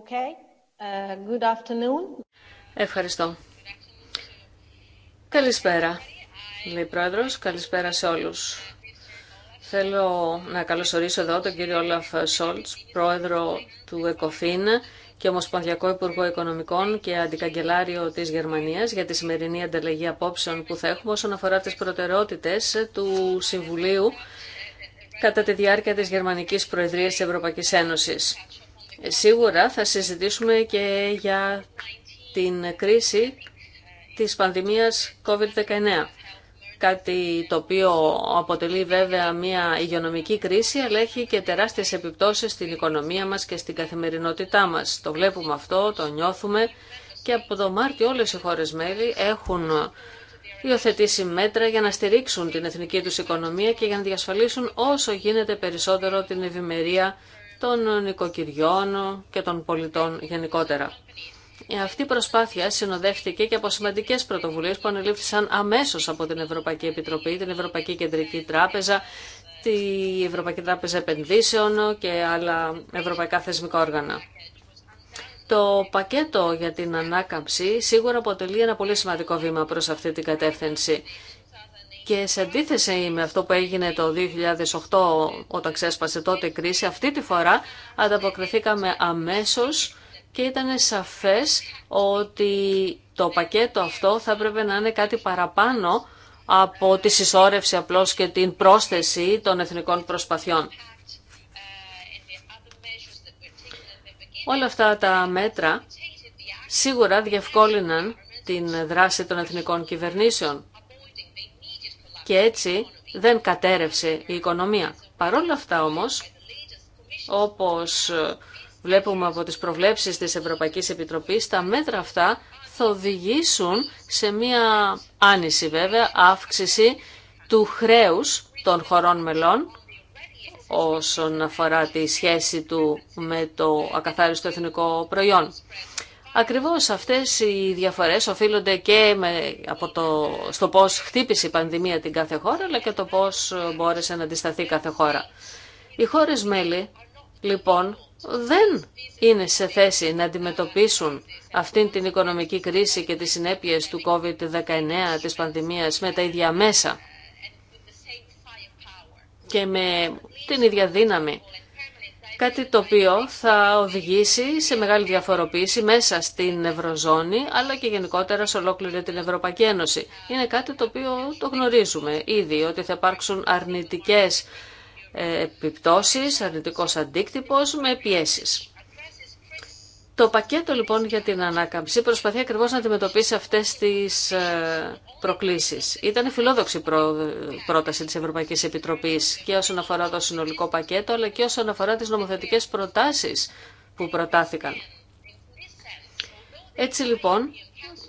Okay. Uh, good afternoon. Ευχαριστώ. Καλησπέρα, λέει Πρόεδρος. Καλησπέρα σε όλους. Θέλω να καλωσορίσω εδώ τον κύριο Όλαφ Σόλτς, Πρόεδρο του ΕΚΟΦΗΝ και Ομοσπονδιακό Υπουργό Οικονομικών και Αντικαγκελάριο της Γερμανίας για τη σημερινή ανταλλαγή απόψεων που θα έχουμε όσον αφορά τις προτεραιότητες του Συμβουλίου κατά τη διάρκεια της Γερμανικής Προεδρίας της Ευρωπαϊκής Ένωσης. Σίγουρα θα συζητήσουμε και για την κρίση της πανδημίας COVID-19. Κάτι το οποίο αποτελεί βέβαια μια υγειονομική κρίση, αλλά έχει και τεράστιες επιπτώσεις στην οικονομία μας και στην καθημερινότητά μας. Το βλέπουμε αυτό, το νιώθουμε και από το Μάρτιο όλες οι χώρες μέλη έχουν υιοθετήσει μέτρα για να στηρίξουν την εθνική τους οικονομία και για να διασφαλίσουν όσο γίνεται περισσότερο την ευημερία των νοικοκυριών και των πολιτών γενικότερα. Αυτή η προσπάθεια συνοδεύτηκε και από σημαντικέ πρωτοβουλίε που ανελήφθησαν αμέσω από την Ευρωπαϊκή Επιτροπή, την Ευρωπαϊκή Κεντρική Τράπεζα, τη Ευρωπαϊκή Τράπεζα Επενδύσεων και άλλα ευρωπαϊκά θεσμικά όργανα. Το πακέτο για την ανάκαμψη σίγουρα αποτελεί ένα πολύ σημαντικό βήμα προ αυτή την κατεύθυνση και σε αντίθεση με αυτό που έγινε το 2008 όταν ξέσπασε τότε η κρίση, αυτή τη φορά ανταποκριθήκαμε αμέσως και ήταν σαφές ότι το πακέτο αυτό θα έπρεπε να είναι κάτι παραπάνω από τη συσσόρευση απλώς και την πρόσθεση των εθνικών προσπαθειών. Όλα αυτά τα μέτρα σίγουρα διευκόλυναν την δράση των εθνικών κυβερνήσεων και έτσι δεν κατέρευσε η οικονομία. Παρόλα αυτά όμως, όπως βλέπουμε από τις προβλέψεις της Ευρωπαϊκής Επιτροπής, τα μέτρα αυτά θα οδηγήσουν σε μία άνηση βέβαια, αύξηση του χρέους των χωρών μελών όσον αφορά τη σχέση του με το ακαθάριστο εθνικό προϊόν. Ακριβώς αυτές οι διαφορές οφείλονται και με, από το, στο πώς χτύπησε η πανδημία την κάθε χώρα, αλλά και το πώς μπόρεσε να αντισταθεί κάθε χώρα. Οι χώρες μέλη, λοιπόν, δεν είναι σε θέση να αντιμετωπίσουν αυτήν την οικονομική κρίση και τις συνέπειες του COVID-19 της πανδημίας με τα ίδια μέσα και με την ίδια δύναμη. Κάτι το οποίο θα οδηγήσει σε μεγάλη διαφοροποίηση μέσα στην Ευρωζώνη, αλλά και γενικότερα σε ολόκληρη την Ευρωπαϊκή Ένωση. Είναι κάτι το οποίο το γνωρίζουμε ήδη, ότι θα υπάρξουν αρνητικές ε, επιπτώσεις, αρνητικός αντίκτυπος με πιέσεις. Το πακέτο λοιπόν για την ανάκαμψη προσπαθεί ακριβώς να αντιμετωπίσει αυτές τις ε, προκλήσεις. Ήταν φιλόδοξη πρόταση της Ευρωπαϊκής Επιτροπής και όσον αφορά το συνολικό πακέτο αλλά και όσον αφορά τις νομοθετικές προτάσεις που προτάθηκαν. Έτσι λοιπόν,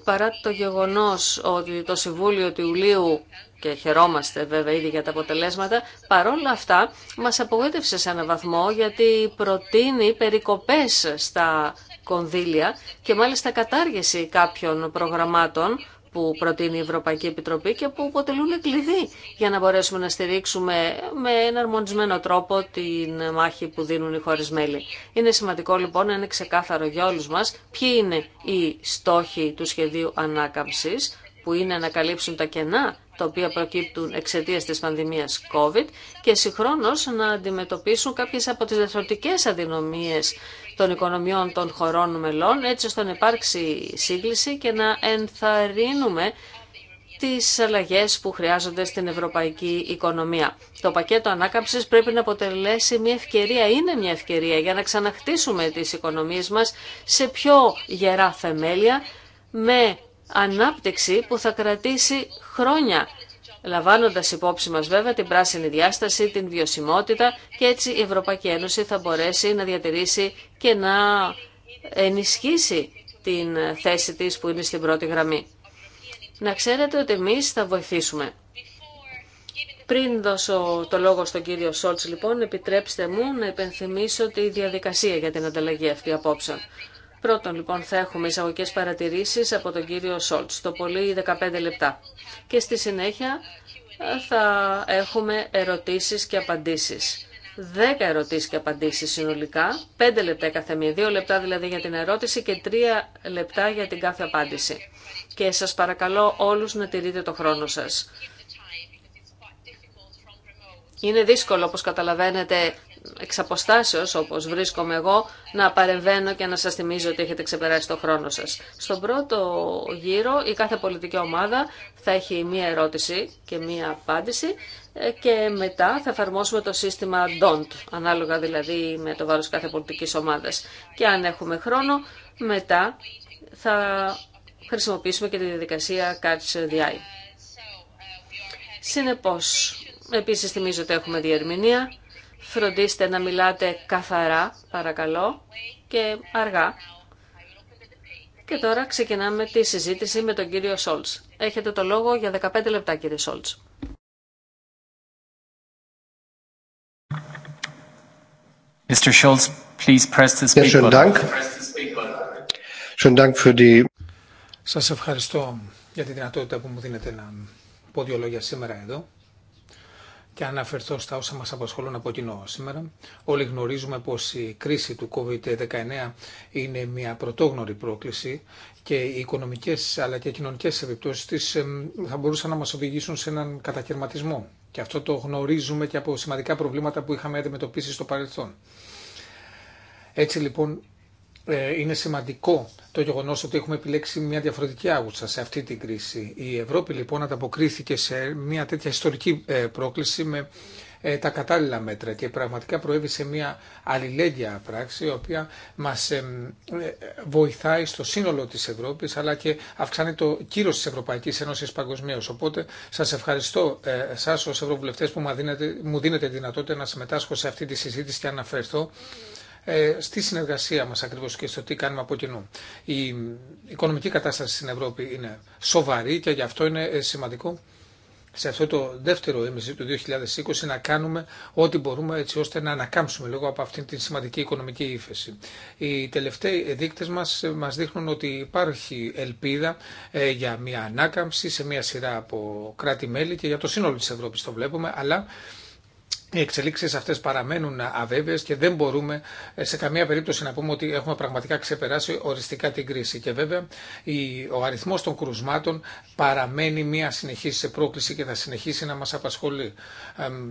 παρά το γεγονός ότι το Συμβούλιο του Ιουλίου και χαιρόμαστε βέβαια ήδη για τα αποτελέσματα, παρόλα αυτά μας απογοήτευσε σε έναν βαθμό γιατί προτείνει περικοπές στα κονδύλια και μάλιστα κατάργηση κάποιων προγραμμάτων που προτείνει η Ευρωπαϊκή Επιτροπή και που αποτελούν κλειδί για να μπορέσουμε να στηρίξουμε με εναρμονισμένο τρόπο την μάχη που δίνουν οι χώρες μέλη. Είναι σημαντικό λοιπόν να είναι ξεκάθαρο για όλους μας ποιοι είναι οι στόχοι του σχεδίου ανάκαμψης, που είναι να καλύψουν τα κενά τα οποία προκύπτουν εξαιτία της πανδημίας COVID και συγχρόνως να αντιμετωπίσουν κάποιες από τις διαφορετικές αδυναμίες των οικονομιών των χωρών μελών έτσι ώστε να υπάρξει σύγκληση και να ενθαρρύνουμε τις αλλαγές που χρειάζονται στην ευρωπαϊκή οικονομία. Το πακέτο ανάκαμψης πρέπει να αποτελέσει μια ευκαιρία, είναι μια ευκαιρία για να ξαναχτίσουμε τις οικονομίες μας σε πιο γερά θεμέλια, με ανάπτυξη που θα κρατήσει χρόνια, λαμβάνοντας υπόψη μας βέβαια την πράσινη διάσταση, την βιωσιμότητα και έτσι η Ευρωπαϊκή Ένωση θα μπορέσει να διατηρήσει και να ενισχύσει την θέση της που είναι στην πρώτη γραμμή. Να ξέρετε ότι εμείς θα βοηθήσουμε. Πριν δώσω το λόγο στον κύριο Σόλτς, λοιπόν, επιτρέψτε μου να υπενθυμίσω τη διαδικασία για την ανταλλαγή αυτή απόψε. Πρώτον, λοιπόν, θα έχουμε εισαγωγικέ παρατηρήσεις από τον κύριο Σόλτ. το πολύ 15 λεπτά. Και στη συνέχεια ε, θα έχουμε ερωτήσεις και απαντήσεις. 10 ερωτήσεις και απαντήσεις συνολικά, 5 λεπτά κάθε μία, 2 λεπτά δηλαδή για την ερώτηση και 3 λεπτά για την κάθε απάντηση. Και σας παρακαλώ όλους να τηρείτε το χρόνο σα. Είναι δύσκολο, όπως καταλαβαίνετε, εξ αποστάσεως, όπως βρίσκομαι εγώ, να παρεμβαίνω και να σας θυμίζω ότι έχετε ξεπεράσει το χρόνο σας. Στον πρώτο γύρο η κάθε πολιτική ομάδα θα έχει μία ερώτηση και μία απάντηση ε, και μετά θα εφαρμόσουμε το σύστημα DONT, ανάλογα δηλαδή με το βάρος κάθε πολιτικής ομάδας. Και αν έχουμε χρόνο, μετά θα χρησιμοποιήσουμε και τη διαδικασία Catch the Eye. Συνεπώς, επίσης θυμίζω ότι έχουμε διερμηνία Φροντίστε να μιλάτε καθαρά, παρακαλώ, και αργά. Και τώρα ξεκινάμε τη συζήτηση με τον κύριο Σόλτς. Έχετε το λόγο για 15 λεπτά, κύριε Σόλτς. Mr. Σας ευχαριστώ για τη δυνατότητα που μου δίνετε να πω δύο λόγια σήμερα εδώ και αναφερθώ στα όσα μας απασχολούν από κοινό σήμερα. Όλοι γνωρίζουμε πως η κρίση του COVID-19 είναι μια πρωτόγνωρη πρόκληση και οι οικονομικές αλλά και οι κοινωνικές επιπτώσεις της θα μπορούσαν να μας οδηγήσουν σε έναν κατακαιρματισμό. Και αυτό το γνωρίζουμε και από σημαντικά προβλήματα που είχαμε αντιμετωπίσει στο παρελθόν. Έτσι λοιπόν ε, είναι σημαντικό το γεγονός ότι έχουμε επιλέξει μια διαφορετική άγουσα σε αυτή την κρίση. Η Ευρώπη λοιπόν ανταποκρίθηκε σε μια τέτοια ιστορική ε, πρόκληση με ε, τα κατάλληλα μέτρα και πραγματικά προέβη σε μια αλληλέγγυα πράξη η οποία μας βοηθάει στο σύνολο της Ευρώπης αλλά και αυξάνει το κύρος της Ευρωπαϊκής Ένωσης παγκοσμίω. Οπότε σας ευχαριστώ ε, σας ως Ευρωβουλευτές που μου δίνετε, μου δίνετε δυνατότητα να συμμετάσχω σε αυτή τη συζήτηση και αναφερθώ ε, στη συνεργασία μας ακριβώς και στο τι κάνουμε από κοινού. Η οικονομική κατάσταση στην Ευρώπη είναι σοβαρή και γι' αυτό είναι ε, σημαντικό σε αυτό το δεύτερο έμεση του 2020 να κάνουμε ό,τι μπορούμε έτσι ώστε να ανακάμψουμε λίγο από αυτήν την σημαντική οικονομική ύφεση. Οι τελευταίοι δείκτες μας ε, μας δείχνουν ότι υπάρχει ελπίδα για μια ανάκαμψη σε μια σειρά από κράτη-μέλη και για το σύνολο της Ευρώπης το βλέπουμε, αλλά οι εξελίξεις αυτές παραμένουν αβέβαιε και δεν μπορούμε ε, σε καμία περίπτωση να πούμε ότι έχουμε πραγματικά ξεπεράσει οριστικά την κρίση. Και βέβαια ο αριθμο των κρουσμάτων παραμένει μια σε πρόκληση και θα συνεχίσει να μας απασχολεί.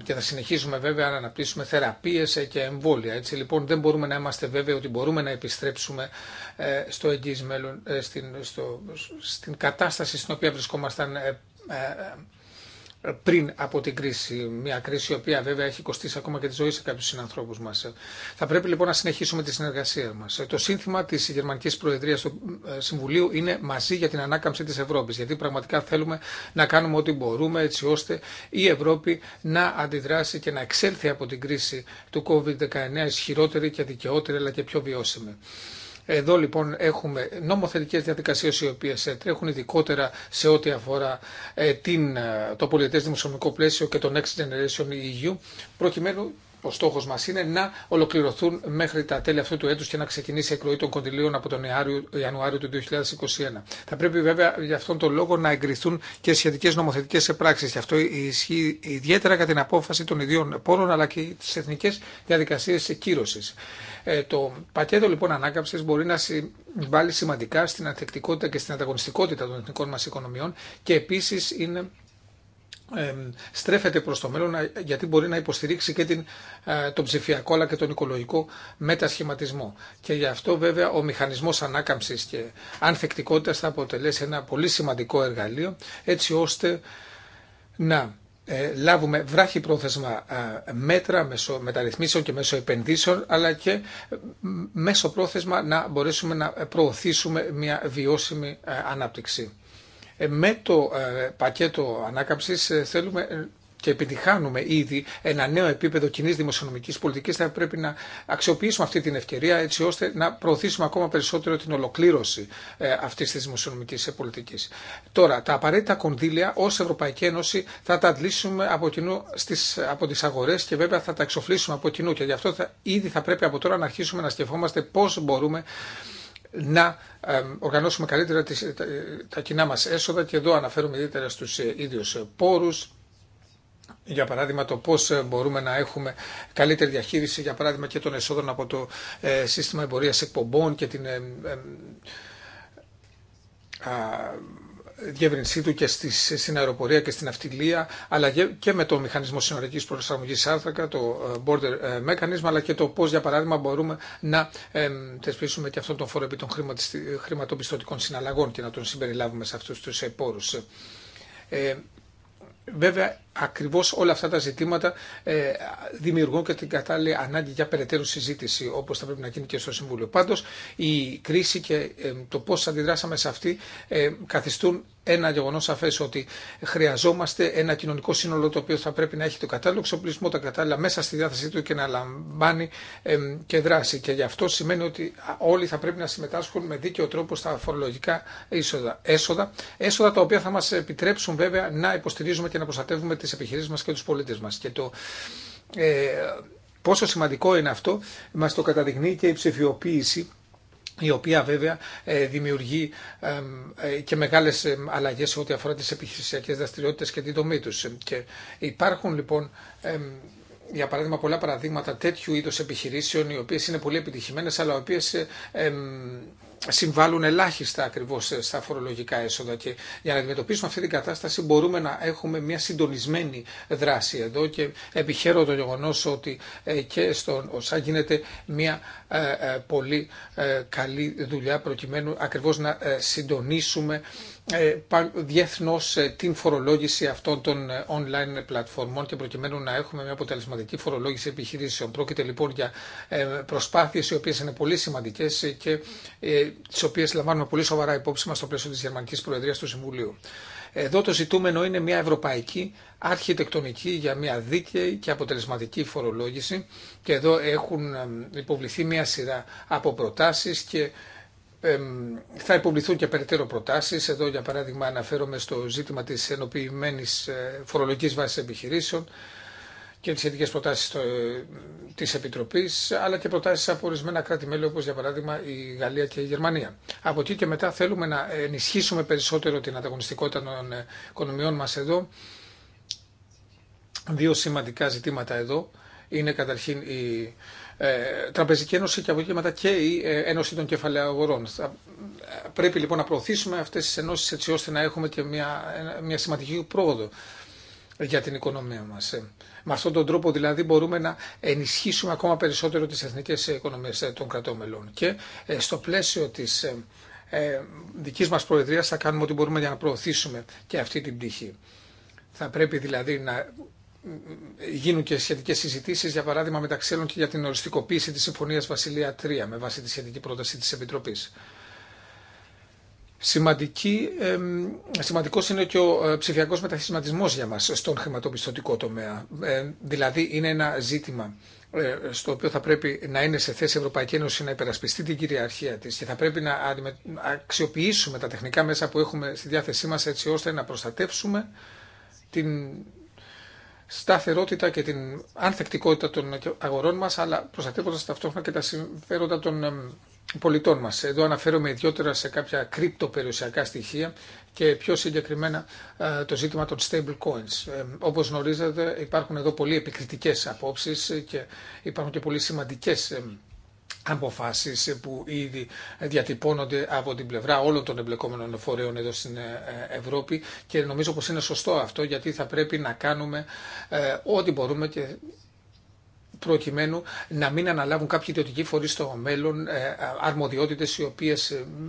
Και θα συνεχίσουμε βέβαια να αναπτύσσουμε θεραπείες ε, και εμβόλια. Έτσι λοιπόν δεν μπορούμε να είμαστε βέβαιοι ότι μπορούμε να επιστρέψουμε ε, στο μέλλον, στην, στο, στην κατάσταση στην οποία βρισκόμασταν πριν από την κρίση. Μια κρίση η οποία βέβαια έχει κοστίσει ακόμα και τη ζωή σε κάποιου συνανθρώπου μα. Θα πρέπει λοιπόν να συνεχίσουμε τη συνεργασία μα. Το σύνθημα τη Γερμανική Προεδρία του ε, Συμβουλίου είναι μαζί για την ανάκαμψη τη Ευρώπη. Γιατί πραγματικά θέλουμε να κάνουμε ό,τι μπορούμε έτσι ώστε η Ευρώπη να αντιδράσει και να εξέλθει από την κρίση του COVID-19 ισχυρότερη και δικαιότερη αλλά και πιο βιώσιμη. Εδώ λοιπόν έχουμε νομοθετικές διαδικασίες οι οποίες ε, τρέχουν ειδικότερα σε ό,τι αφορά ε, την, ε, το πολιτές δημοσιονομικό πλαίσιο και το Next Generation EU προκειμένου ο στόχο μα είναι να ολοκληρωθούν μέχρι τα τέλη αυτού του έτου και να ξεκινήσει η εκλογή των κοντιλίων από τον Ιανουάριο του 2021. Θα πρέπει βέβαια για αυτόν τον λόγο να εγκριθούν και σχετικέ νομοθετικέ πράξει. Και αυτό ισχύει ιδιαίτερα για την απόφαση των ιδίων πόρων αλλά και τι εθνικέ διαδικασίε κύρωση. Ε, το πακέτο λοιπόν ανάκαμψη μπορεί να συμβάλλει σημαντικά στην ανθεκτικότητα και στην ανταγωνιστικότητα των εθνικών μα οικονομιών και επίση είναι στρέφεται προς το μέλλον γιατί μπορεί να υποστηρίξει και την, τον ψηφιακό αλλά και τον οικολογικό μετασχηματισμό. Και γι' αυτό βέβαια ο μηχανισμός ανάκαμψης και ανθεκτικότητας θα αποτελέσει ένα πολύ σημαντικό εργαλείο έτσι ώστε να ε, λάβουμε βράχη πρόθεσμα μέτρα μέσω μεταρρυθμίσεων και μέσω επενδύσεων αλλά και μέσω πρόθεσμα να μπορέσουμε να προωθήσουμε μια βιώσιμη ανάπτυξη. Ε, με το ε, πακέτο ανάκαμψης ε, θέλουμε και επιτυχάνουμε ήδη ένα νέο επίπεδο κοινή δημοσιονομική πολιτική, θα πρέπει να αξιοποιήσουμε αυτή την ευκαιρία έτσι ώστε να προωθήσουμε ακόμα περισσότερο την ολοκλήρωση αυτή τη δημοσιονομική πολιτική. Τώρα, τα απαραίτητα κονδύλια ω Ευρωπαϊκή Ένωση θα τα αντλήσουμε από, κοινού στις, από τι αγορέ και βέβαια θα τα εξοφλήσουμε από κοινού. Και γι' αυτό θα, ήδη θα πρέπει από τώρα να αρχίσουμε να σκεφόμαστε πώ μπορούμε να οργανώσουμε καλύτερα τα κοινά μας έσοδα και εδώ αναφέρουμε ιδιαίτερα στους ε, ίδιους ε, πόρους, για παράδειγμα το πώς ε, μπορούμε να έχουμε καλύτερη διαχείριση για παράδειγμα και των εσόδων από το σύστημα εμπορίας εκπομπών και την διεύρυνσή του και στις, στην αεροπορία και στην αυτιλία, αλλά και με το μηχανισμό συνορική προσαρμογή άνθρακα, το ε, border ε, mechanism, αλλά και το πώ, για παράδειγμα, μπορούμε να ε, θεσπίσουμε και αυτόν τον φόρο επί των χρηματοπιστωτικών συναλλαγών και να τον συμπεριλάβουμε σε αυτού του πόρους. Ε, βέβαια, ακριβώς όλα αυτά τα ζητήματα ε, δημιουργούν και την κατάλληλη ανάγκη για περαιτέρω συζήτηση όπως θα πρέπει να γίνει και στο Συμβούλιο. Πάντως η κρίση και ε, το πώς αντιδράσαμε σε αυτή ε, καθιστούν ένα γεγονό σαφέ ότι χρειαζόμαστε ένα κοινωνικό σύνολο το οποίο θα πρέπει να έχει το κατάλληλο εξοπλισμό, τα κατάλληλα μέσα στη διάθεσή του και να λαμβάνει και δράση. Και γι' αυτό σημαίνει ότι όλοι θα πρέπει να συμμετάσχουν με δίκαιο τρόπο στα φορολογικά έσοδα. Έσοδα, έσοδα τα οποία θα μα επιτρέψουν βέβαια να υποστηρίζουμε και να προστατεύουμε τις επιχειρήσει μας και τους πολίτες μας. Και το, ε, πόσο σημαντικό είναι αυτό μας το καταδεικνύει και η ψηφιοποίηση η οποία βέβαια ε, δημιουργεί ε, και μεγάλες αλλαγές σε ό,τι αφορά τις επιχειρησιακές δραστηριότητες και την δομή τους. Και υπάρχουν λοιπόν για παράδειγμα πολλά παραδείγματα τέτοιου είδους επιχειρήσεων οι οποίες είναι πολύ επιτυχημένες αλλά οι οποίες ε, συμβάλλουν ελάχιστα ακριβώ στα φορολογικά έσοδα. Και για να αντιμετωπίσουμε αυτή την κατάσταση μπορούμε να έχουμε μια συντονισμένη δράση εδώ και επιχαίρω το γεγονό ότι ε, και στον ΩΣΑ γίνεται μια ε, ε, πολύ καλή δουλειά προκειμένου ακριβώ να συντονίσουμε ε, διεθνώς ε, την φορολόγηση αυτών των ε, online πλατφορμών και προκειμένου να έχουμε μια αποτελεσματική φορολόγηση επιχειρήσεων. Πρόκειται λοιπόν για προσπάθειες οι οποίες είναι πολύ σημαντικές και τις οποίες λαμβάνουμε πολύ σοβαρά υπόψη μας στο πλαίσιο της Γερμανικής Προεδρίας του Συμβουλίου. Εδώ το ζητούμενο είναι μια ευρωπαϊκή αρχιτεκτονική για μια δίκαιη και αποτελεσματική φορολόγηση και εδώ έχουν υποβληθεί μια σειρά από προτάσεις και θα υποβληθούν και περαιτέρω προτάσεις. Εδώ για παράδειγμα αναφέρομαι στο ζήτημα της ενοποιημένης ε, φορολογικής βάσης επιχειρήσεων και τις σχετικέ προτάσεις ε, της Επιτροπής, αλλά και προτάσεις από ορισμένα κράτη-μέλη όπως για παράδειγμα η Γαλλία και η Γερμανία. Από εκεί και μετά θέλουμε να ενισχύσουμε περισσότερο την ανταγωνιστικότητα των οικονομιών μα εδώ. Δύο σημαντικά ζητήματα εδώ είναι καταρχήν η ε, Τραπεζική Ένωση και από και η ε, Ένωση των Κεφαλαίων Αγορών. Ε, πρέπει λοιπόν να προωθήσουμε αυτέ τι ενώσει έτσι ώστε να έχουμε και μια, μια σημαντική πρόοδο για την οικονομία μας. Με αυτόν τον τρόπο δηλαδή μπορούμε να ενισχύσουμε ακόμα περισσότερο τις εθνικές οικονομίες των κρατών Και στο πλαίσιο της δικής μας προεδρίας θα κάνουμε ό,τι μπορούμε για να προωθήσουμε και αυτή την πτυχή. Θα πρέπει δηλαδή να γίνουν και σχετικέ συζητήσει, για παράδειγμα μεταξύ άλλων και για την οριστικοποίηση τη συμφωνία Βασιλεία 3 με βάση τη σχετική πρόταση τη επιτροπή. Σημαντική, σημαντικός είναι και ο ε, ψηφιακός μεταχειρισματισμός για μας στον χρηματοπιστωτικό τομέα. Ε, δηλαδή είναι ένα ζήτημα ε, στο οποίο θα πρέπει να είναι σε θέση η Ευρωπαϊκή Ένωση να υπερασπιστεί την κυριαρχία της και θα πρέπει να αξιοποιήσουμε τα τεχνικά μέσα που έχουμε στη διάθεσή μας έτσι ώστε να προστατεύσουμε την σταθερότητα και την ανθεκτικότητα των αγορών μας, αλλά προστατεύοντας ταυτόχρονα και τα συμφέροντα των πολιτών μας. Εδώ αναφέρομαι ιδιότερα σε κάποια κρυπτοπεριουσιακά στοιχεία και πιο συγκεκριμένα ε, το ζήτημα των stable coins. Όπως γνωρίζετε υπάρχουν εδώ πολύ επικριτικές απόψεις και υπάρχουν και πολύ σημαντικές Αποφάσει που ήδη διατυπώνονται από την πλευρά όλων των εμπλεκόμενων φορέων εδώ στην ε, Ευρώπη και νομίζω πως είναι σωστό αυτό γιατί θα πρέπει να κάνουμε ε, ό,τι μπορούμε και προκειμένου να μην αναλάβουν κάποιοι ιδιωτικοί φορεί στο μέλλον ε, αρμοδιότητε οι οποίε ε,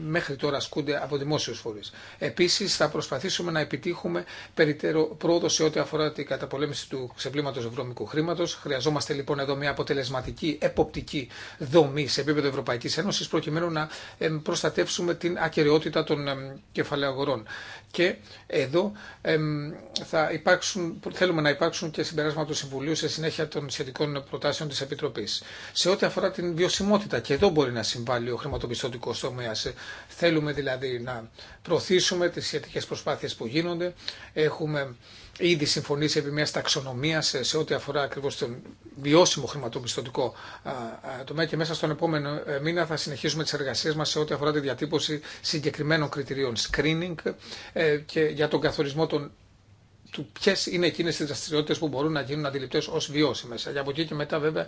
μέχρι τώρα ασκούνται από δημόσιου φορεί. Επίση, θα προσπαθήσουμε να επιτύχουμε περιττέρω πρόοδο σε ό,τι αφορά την καταπολέμηση του ξεπλήματο βρώμικου χρήματο. Χρειαζόμαστε λοιπόν εδώ μια αποτελεσματική εποπτική δομή σε επίπεδο Ευρωπαϊκή Ένωση προκειμένου να ε, προστατεύσουμε την ακαιρεότητα των κεφαλαίων αγορών. Και εδώ θα υπάρξουν, θέλουμε να υπάρξουν και συμπεράσματα του Συμβουλίου σε συνέχεια των σχετικών προτάσεων τη Επιτροπή. Σε ό,τι αφορά την βιωσιμότητα, και εδώ μπορεί να συμβάλλει ο χρηματοπιστωτικό τομέα. Ε, θέλουμε δηλαδή να προωθήσουμε τι σχετικέ προσπάθειε που γίνονται. Έχουμε ήδη συμφωνήσει επί μια ταξονομίας σε ό,τι αφορά ακριβώς τον βιώσιμο χρηματοπιστωτικό τομέα και μέσα στον επόμενο ε, μήνα θα συνεχίσουμε τις εργασίες μας σε ό,τι αφορά τη διατύπωση συγκεκριμένων κριτηρίων screening ε, και για τον καθορισμό των του ποιε είναι εκείνε τι δραστηριότητε που μπορούν να γίνουν αντιληπτέ ω βιώσιμε. Και από εκεί και μετά, βέβαια,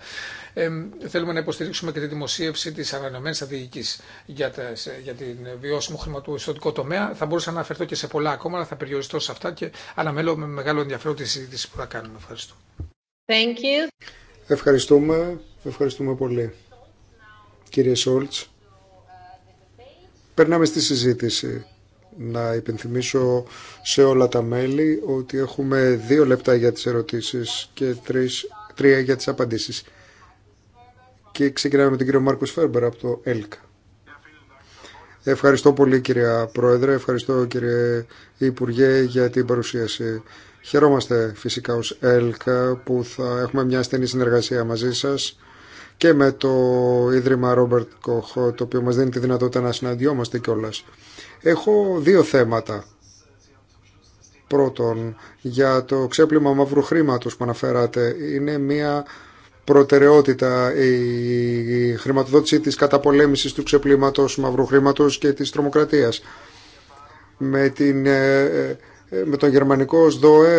θέλουμε να υποστηρίξουμε και τη δημοσίευση τη ανανεωμένη στρατηγική για, για την βιώσιμο χρηματοπιστωτικό τομέα. Θα μπορούσα να αναφερθώ και σε πολλά ακόμα, αλλά θα περιοριστώ σε αυτά και αναμένω με μεγάλο ενδιαφέρον τη συζήτηση που θα κάνουμε. Ευχαριστώ. Thank you. Ευχαριστούμε. Ευχαριστούμε πολύ. Κύριε Σόλτς, περνάμε στη συζήτηση να υπενθυμίσω σε όλα τα μέλη ότι έχουμε δύο λεπτά για τις ερωτήσεις και τρεις, τρία για τις απαντήσεις. Και ξεκινάμε με τον κύριο Μάρκος Φέρμπερ από το ΕΛΚΑ. Ευχαριστώ πολύ κυρία Πρόεδρε, ευχαριστώ κύριε Υπουργέ για την παρουσίαση. Χαιρόμαστε φυσικά ως ΕΛΚΑ που θα έχουμε μια στενή συνεργασία μαζί σας και με το Ίδρυμα Ρόμπερτ Κοχ, το οποίο μας δίνει τη δυνατότητα να συναντιόμαστε κιόλα. Έχω δύο θέματα. Πρώτον, για το ξέπλυμα μαύρου χρήματος που αναφέρατε, είναι μια προτεραιότητα η χρηματοδότηση της καταπολέμησης του ξεπλήματος μαύρου χρήματος και της τρομοκρατίας. Με, την, ε, ε, με τον γερμανικό ΣΔΟΕ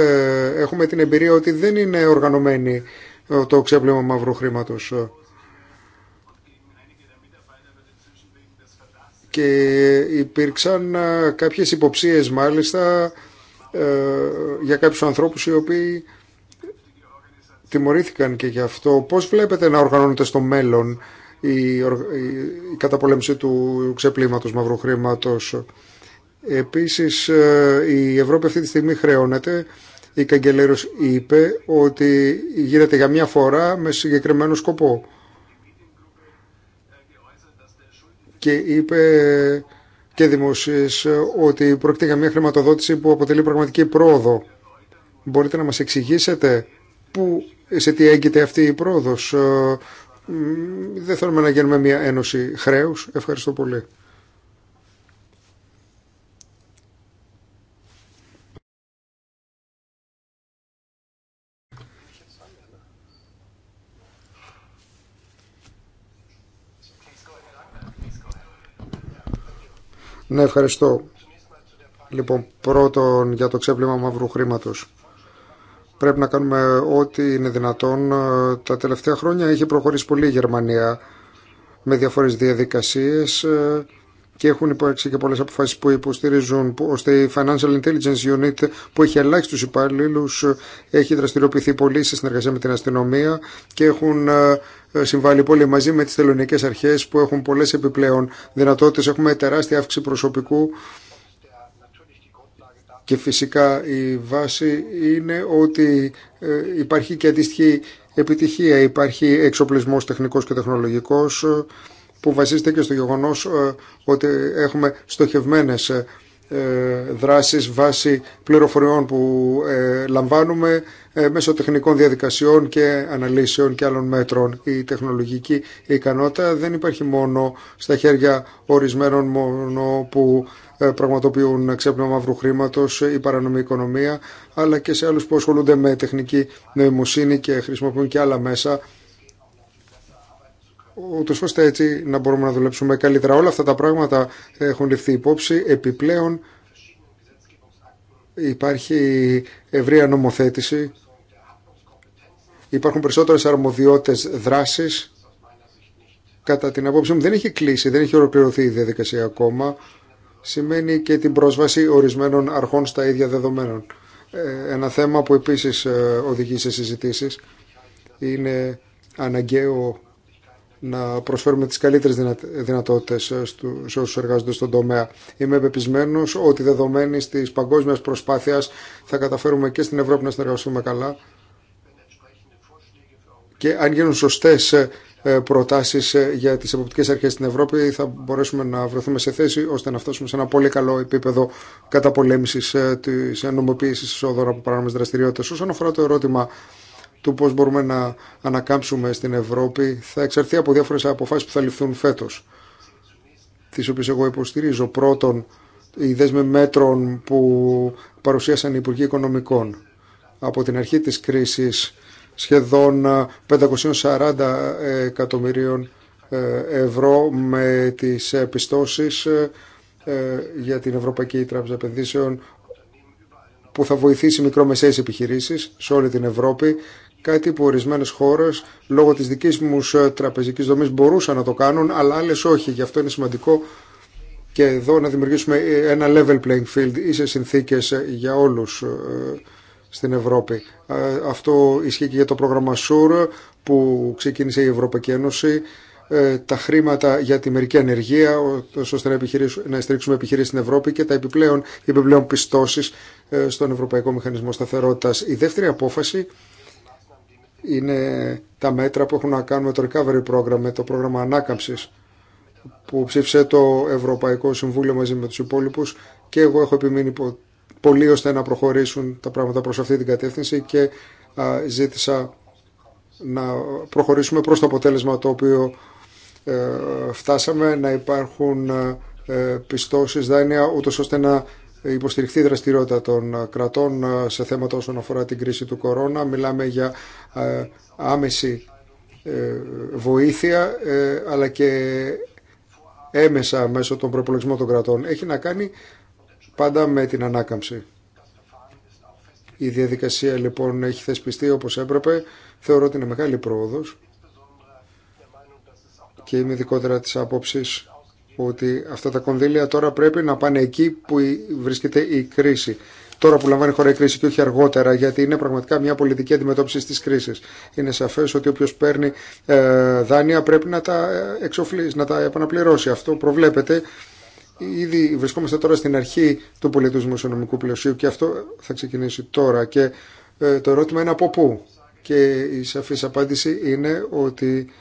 ε, έχουμε την εμπειρία ότι δεν είναι οργανωμένη το ξέπλυμα μαύρου χρήματος. και υπήρξαν ε, κάποιες υποψίες μάλιστα ε, για κάποιους ανθρώπους οι οποίοι τιμωρήθηκαν και γι' αυτό. Πώς βλέπετε να οργανώνεται στο μέλλον η, καταπολέμηση του ξεπλήματος μαύρου χρήματος. Επίσης ε, η Ευρώπη αυτή τη στιγμή χρεώνεται. Η καγκελέρος είπε ότι γίνεται για μια φορά με συγκεκριμένο σκοπό. και είπε και δημοσίες ότι πρόκειται για μια χρηματοδότηση που αποτελεί πραγματική πρόοδο. Μπορείτε να μας εξηγήσετε που, σε τι έγκυται αυτή η πρόοδος. Δεν θέλουμε να γίνουμε μια ένωση χρέους. Ευχαριστώ πολύ. Ναι, ευχαριστώ. Λοιπόν, πρώτον για το ξέπλυμα μαύρου χρήματος. Πρέπει να κάνουμε ό,τι είναι δυνατόν. Ε, τα τελευταία χρόνια έχει προχωρήσει πολύ η Γερμανία με διαφορές διαδικασίες ε, και έχουν υπάρξει και πολλές αποφάσεις που υποστηρίζουν ώστε η Financial Intelligence Unit που έχει αλλάξει ελάχιστους υπαλλήλου, έχει δραστηριοποιηθεί πολύ σε συνεργασία με την αστυνομία και έχουν ε, ε, συμβάλει πολύ μαζί με τις τελωνικές αρχές που έχουν πολλές επιπλέον δυνατότητες. Έχουμε τεράστια αύξηση προσωπικού και φυσικά η βάση είναι ότι ε, υπάρχει και αντίστοιχη επιτυχία. Υπάρχει εξοπλισμός τεχνικός και τεχνολογικός που βασίζεται και στο γεγονός ε, ότι έχουμε στοχευμένες ε, ε, δράσεις βάσει πληροφοριών που λαμβάνουμε μέσω τεχνικών διαδικασιών και αναλύσεων και άλλων μέτρων. Η τεχνολογική ικανότητα δεν υπάρχει μόνο στα χέρια ορισμένων μόνο που πραγματοποιούν ξέπνομα μαύρου χρήματο ή παρανομή οικονομία, αλλά και σε άλλους που ασχολούνται με τεχνική νοημοσύνη και χρησιμοποιούν και άλλα μέσα ούτω ώστε έτσι να μπορούμε να δουλέψουμε καλύτερα. Όλα αυτά τα πράγματα έχουν ληφθεί υπόψη. Επιπλέον υπάρχει ευρεία νομοθέτηση. Υπάρχουν περισσότερες αρμοδιότητες δράσης. Κατά την απόψη μου δεν έχει κλείσει, δεν έχει ολοκληρωθεί η διαδικασία ακόμα. Σημαίνει και την πρόσβαση ορισμένων αρχών στα ίδια δεδομένων. Ε, ένα θέμα που επίσης ε, οδηγεί σε συζητήσεις είναι αναγκαίο να προσφέρουμε τις καλύτερες δυνατότητες ε, σε όσους εργάζονται στον τομέα. Είμαι πεπισμένος ότι δεδομένη της παγκόσμιας προσπάθειας θα καταφέρουμε και στην Ευρώπη να συνεργαστούμε καλά και αν γίνουν σωστές ε, ε, προτάσεις για τις εποπτικές αρχές στην Ευρώπη θα μπορέσουμε να βρεθούμε σε θέση ώστε να φτάσουμε σε ένα πολύ καλό επίπεδο καταπολέμησης της νομοποίησης εισόδων από παράνομες δραστηριότητες. Όσον αφορά το ερώτημα του πώς μπορούμε να ανακάμψουμε στην Ευρώπη θα εξαρθεί από διάφορες αποφάσεις που θα ληφθούν φέτος, τις οποίες εγώ υποστηρίζω. Πρώτον, οι δέσμε μέτρων που παρουσίασαν οι Υπουργοί Οικονομικών από την αρχή της κρίσης σχεδόν 540 εκατομμυρίων ε, ευρώ με τις επιστώσεις ε, για την Ευρωπαϊκή Τράπεζα Επενδύσεων που θα βοηθήσει μικρομεσαίες επιχειρήσεις σε όλη την Ευρώπη Κάτι που ορισμένε χώρε λόγω τη δική μου ε, τραπεζική δομή μπορούσαν να το κάνουν, αλλά άλλε όχι. Γι' αυτό είναι σημαντικό και εδώ να δημιουργήσουμε ε, ένα level playing field, ίσες συνθήκες ε, για όλους στην Ευρώπη. Αυτό ισχύει και για το πρόγραμμα SUR που ξεκίνησε η Ευρωπαϊκή Ένωση. Τα χρήματα για τη μερική ανεργία, ώστε να, να επιχειρήσει στην Ευρώπη και τα επιπλέον, επιπλέον πιστώσει στον Ευρωπαϊκό Μηχανισμό Σταθερότητα. Η δεύτερη απόφαση είναι τα μέτρα που έχουν να κάνουν με το recovery program, με το πρόγραμμα ανάκαμψης που ψήφισε το Ευρωπαϊκό Συμβούλιο μαζί με τους υπόλοιπους και εγώ έχω επιμείνει πολύ ώστε να προχωρήσουν τα πράγματα προς αυτή την κατεύθυνση και ζήτησα να προχωρήσουμε προς το αποτέλεσμα το οποίο ε, φτάσαμε να υπάρχουν ε, πιστώσεις δάνεια ούτως ώστε να υποστηριχθεί η δραστηριότητα των ε, κρατών ε, σε θέματα όσον αφορά την κρίση του κορώνα. Μιλάμε για ε, άμεση βοήθεια αλλά και έμεσα μέσω των προπολογισμών των κρατών. Έχει να κάνει πάντα με την ανάκαμψη. Η διαδικασία λοιπόν έχει θεσπιστεί όπως έπρεπε. Θεωρώ ότι είναι μεγάλη πρόοδος και είμαι ειδικότερα της άποψης ότι αυτά τα κονδύλια τώρα πρέπει να πάνε εκεί που βρίσκεται η κρίση. Τώρα που λαμβάνει η χώρα η κρίση και όχι αργότερα, γιατί είναι πραγματικά μια πολιτική αντιμετώπιση τη κρίση. Είναι σαφέ ότι όποιο παίρνει ε, δάνεια πρέπει να τα ε, εξοφλήσει, να τα επαναπληρώσει. Αυτό προβλέπεται. Ήδη βρισκόμαστε τώρα στην αρχή του πολιτού δημοσιονομικού πλαισίου και αυτό θα ξεκινήσει τώρα. Και ε, το ερώτημα είναι από πού. Και η σαφή απάντηση είναι ότι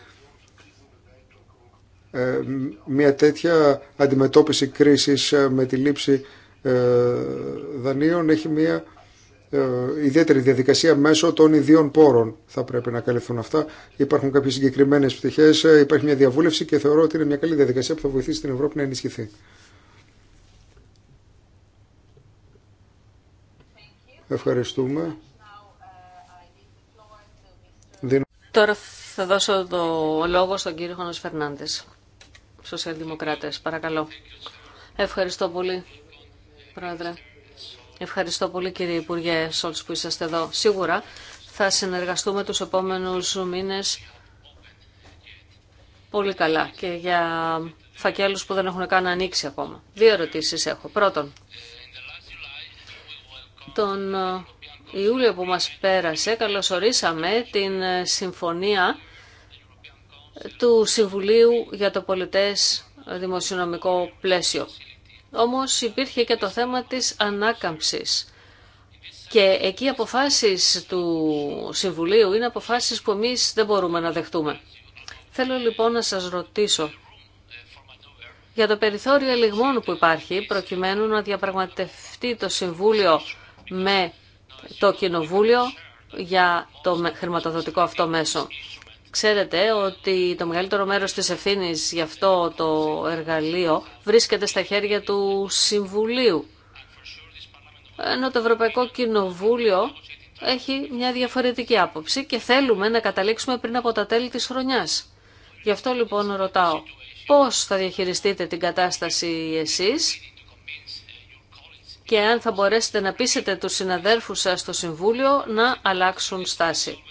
ε, μια τέτοια αντιμετώπιση κρίσης ε, με τη λήψη ε, δανείων έχει μια ιδιαίτερη διαδικασία μέσω των ιδίων πόρων θα πρέπει να καλυφθούν αυτά. Υπάρχουν κάποιες συγκεκριμένες πτυχές, υπάρχει μια διαβούλευση και θεωρώ ότι είναι μια καλή διαδικασία που θα βοηθήσει την Ευρώπη να ενισχυθεί. Ευχαριστούμε. Τώρα θα δώσω το λόγο στον κύριο Χωνος Φερνάντες σοσιαλδημοκράτες. Παρακαλώ. Ευχαριστώ πολύ, Πρόεδρε. Ευχαριστώ πολύ, κύριε Υπουργέ Σόλτς, που είσαστε εδώ. Σίγουρα θα συνεργαστούμε τους επόμενους μήνες πολύ καλά και για φακέλους που δεν έχουν καν ανοίξει ακόμα. Δύο ερωτήσεις έχω. Πρώτον, τον Ιούλιο που μας πέρασε καλωσορίσαμε την συμφωνία του Συμβουλίου για το πολιτές δημοσιονομικό πλαίσιο. Όμως υπήρχε και το θέμα της ανάκαμψης. Και εκεί οι αποφάσεις του Συμβουλίου είναι αποφάσεις που εμείς δεν μπορούμε να δεχτούμε. Θέλω λοιπόν να σας ρωτήσω για το περιθώριο ελιγμών που υπάρχει προκειμένου να διαπραγματευτεί το Συμβούλιο με το Κοινοβούλιο για το χρηματοδοτικό αυτό μέσο. Ξέρετε ότι το μεγαλύτερο μέρος της ευθύνης για αυτό το εργαλείο βρίσκεται στα χέρια του Συμβουλίου. Ενώ το Ευρωπαϊκό Κοινοβούλιο έχει μια διαφορετική άποψη και θέλουμε να καταλήξουμε πριν από τα τέλη της χρονιάς. Γι' αυτό λοιπόν ρωτάω, πώς θα διαχειριστείτε την κατάσταση εσείς και αν θα μπορέσετε να πείσετε τους συναδέρφους σας στο Συμβούλιο να αλλάξουν στάση.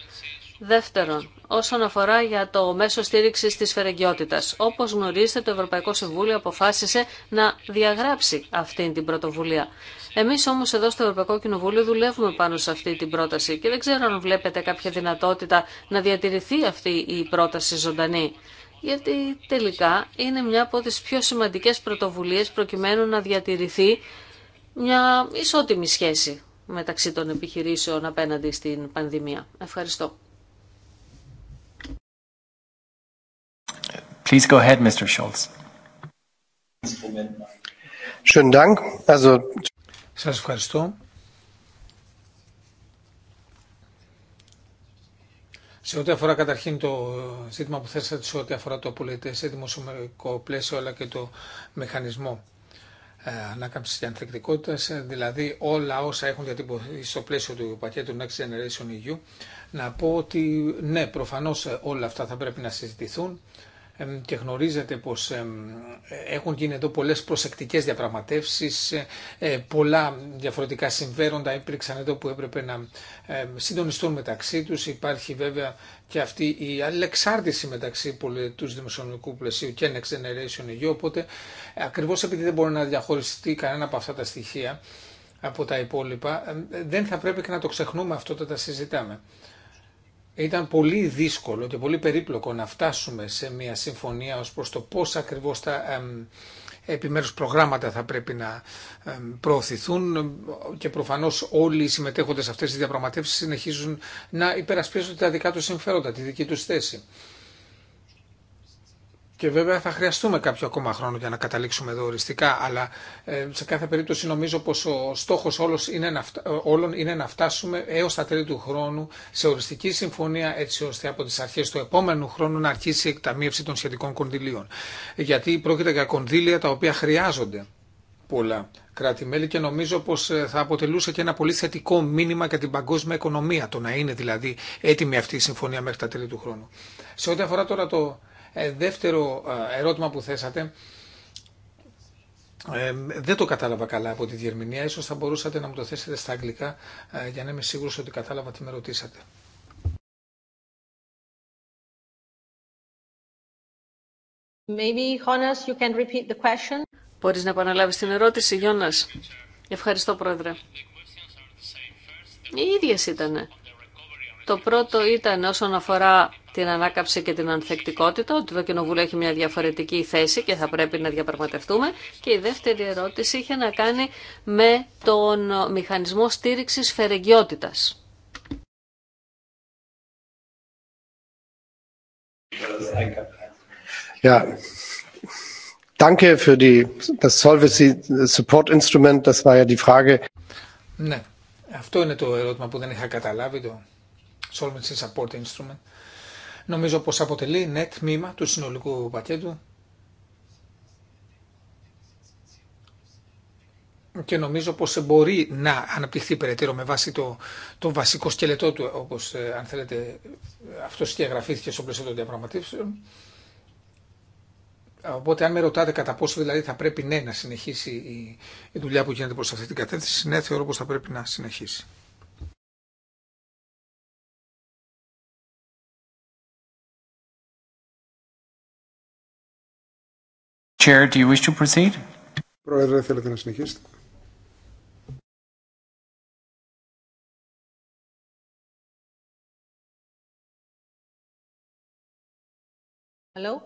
Δεύτερον, όσον αφορά για το μέσο στήριξη τη φερεγγιότητα. Όπω γνωρίζετε, το Ευρωπαϊκό Συμβούλιο αποφάσισε να διαγράψει αυτή την πρωτοβουλία. Εμεί όμω εδώ στο Ευρωπαϊκό Κοινοβούλιο δουλεύουμε πάνω σε αυτή την πρόταση και δεν ξέρω αν βλέπετε κάποια δυνατότητα να διατηρηθεί αυτή η πρόταση ζωντανή. Γιατί τελικά είναι μια από τι πιο σημαντικέ πρωτοβουλίε προκειμένου να διατηρηθεί μια ισότιμη σχέση μεταξύ των επιχειρήσεων απέναντι στην πανδημία. Ευχαριστώ. Please Σας ευχαριστώ. Σε ό,τι αφορά καταρχήν το ζήτημα που θέσατε, σε ό,τι αφορά το σε δημοσιομερικό πλαίσιο αλλά και το μηχανισμό ε, ανάκαμψη και ανθεκτικότητας, ε, δηλαδή όλα όσα έχουν διατυπωθεί στο πλαίσιο του πακέτου Next Generation EU, να πω ότι ναι, προφανώς όλα αυτά θα πρέπει να συζητηθούν και γνωρίζετε πως έχουν γίνει εδώ πολλές προσεκτικές διαπραγματεύσεις, ε, ε, πολλά διαφορετικά συμφέροντα υπήρξαν εδώ που έπρεπε να συντονιστούν μεταξύ τους. Υπάρχει βέβαια και αυτή η αλεξάρτηση μεταξύ πολιτού δημοσιονομικού πλαισίου και Next Generation EU, οπότε ακριβώς επειδή δεν μπορεί να διαχωριστεί κανένα από αυτά τα στοιχεία, από τα υπόλοιπα, δεν θα πρέπει και να το ξεχνούμε αυτό όταν τα συζητάμε ήταν πολύ δύσκολο και πολύ περίπλοκο να φτάσουμε σε μια συμφωνία ως προς το πώς ακριβώς τα επιμέρους προγράμματα θα πρέπει να προωθηθούν και προφανώς όλοι οι συμμετέχοντες σε αυτές τις διαπραγματεύσεις συνεχίζουν να υπερασπίζονται τα δικά τους συμφέροντα, τη δική τους θέση. Και βέβαια θα χρειαστούμε κάποιο ακόμα χρόνο για να καταλήξουμε εδώ οριστικά, αλλά ε, σε κάθε περίπτωση νομίζω πως ο στόχος ε, όλων είναι να φτάσουμε έως τα τέλη του χρόνου σε οριστική συμφωνία έτσι ώστε από τις αρχές του επόμενου χρόνου να αρχίσει η εκταμείευση των σχετικών κονδυλίων. Γιατί πρόκειται για κονδύλια τα οποία χρειάζονται πολλά κράτη-μέλη και νομίζω πως ε, θα αποτελούσε και ένα πολύ θετικό μήνυμα για την παγκόσμια οικονομία, το να είναι δηλαδή έτοιμη αυτή η συμφωνία μέχρι τα τέλη του χρόνου. Σε ό,τι αφορά τώρα το ε, δεύτερο ε, ερώτημα που θέσατε, ε, δεν το κατάλαβα καλά από τη διερμηνία. Ίσως θα μπορούσατε να μου το θέσετε στα αγγλικά ε, για να είμαι σίγουρος ότι κατάλαβα τι με ρωτήσατε. Maybe, Jonas, you can repeat the question. Μπορείς να επαναλάβεις την ερώτηση, Γιώνας. Ευχαριστώ, Πρόεδρε. Οι ίδιες ήτανε. Το πρώτο ήταν όσον αφορά την ανάκαψη και την ανθεκτικότητα, ότι το Κοινοβούλιο έχει μια διαφορετική θέση και θα πρέπει να διαπραγματευτούμε. Και η δεύτερη ερώτηση είχε να κάνει με τον μηχανισμό στήριξης φερεγγιότητας. Ja, Danke für die, das Solvency Support Instrument, das war ja die Frage. Ναι, αυτό είναι το ερώτημα που δεν είχα καταλάβει το Solvency Support Instrument, νομίζω πως αποτελεί ναι τμήμα του συνολικού πακέτου και νομίζω πως μπορεί να αναπτυχθεί περαιτέρω με βάση το, το βασικό σκελετό του, όπως ε, αν θέλετε αυτό εγγραφήθηκε στο πλαίσιο των διαπραγματεύσεων. Οπότε αν με ρωτάτε κατά πόσο δηλαδή θα πρέπει ναι να συνεχίσει η, η δουλειά που γίνεται προς αυτή την κατεύθυνση, ναι θεωρώ πως θα πρέπει να συνεχίσει. Chair, do you wish to proceed? Πρόεδρε, θέλετε να συνεχίσετε. Hello?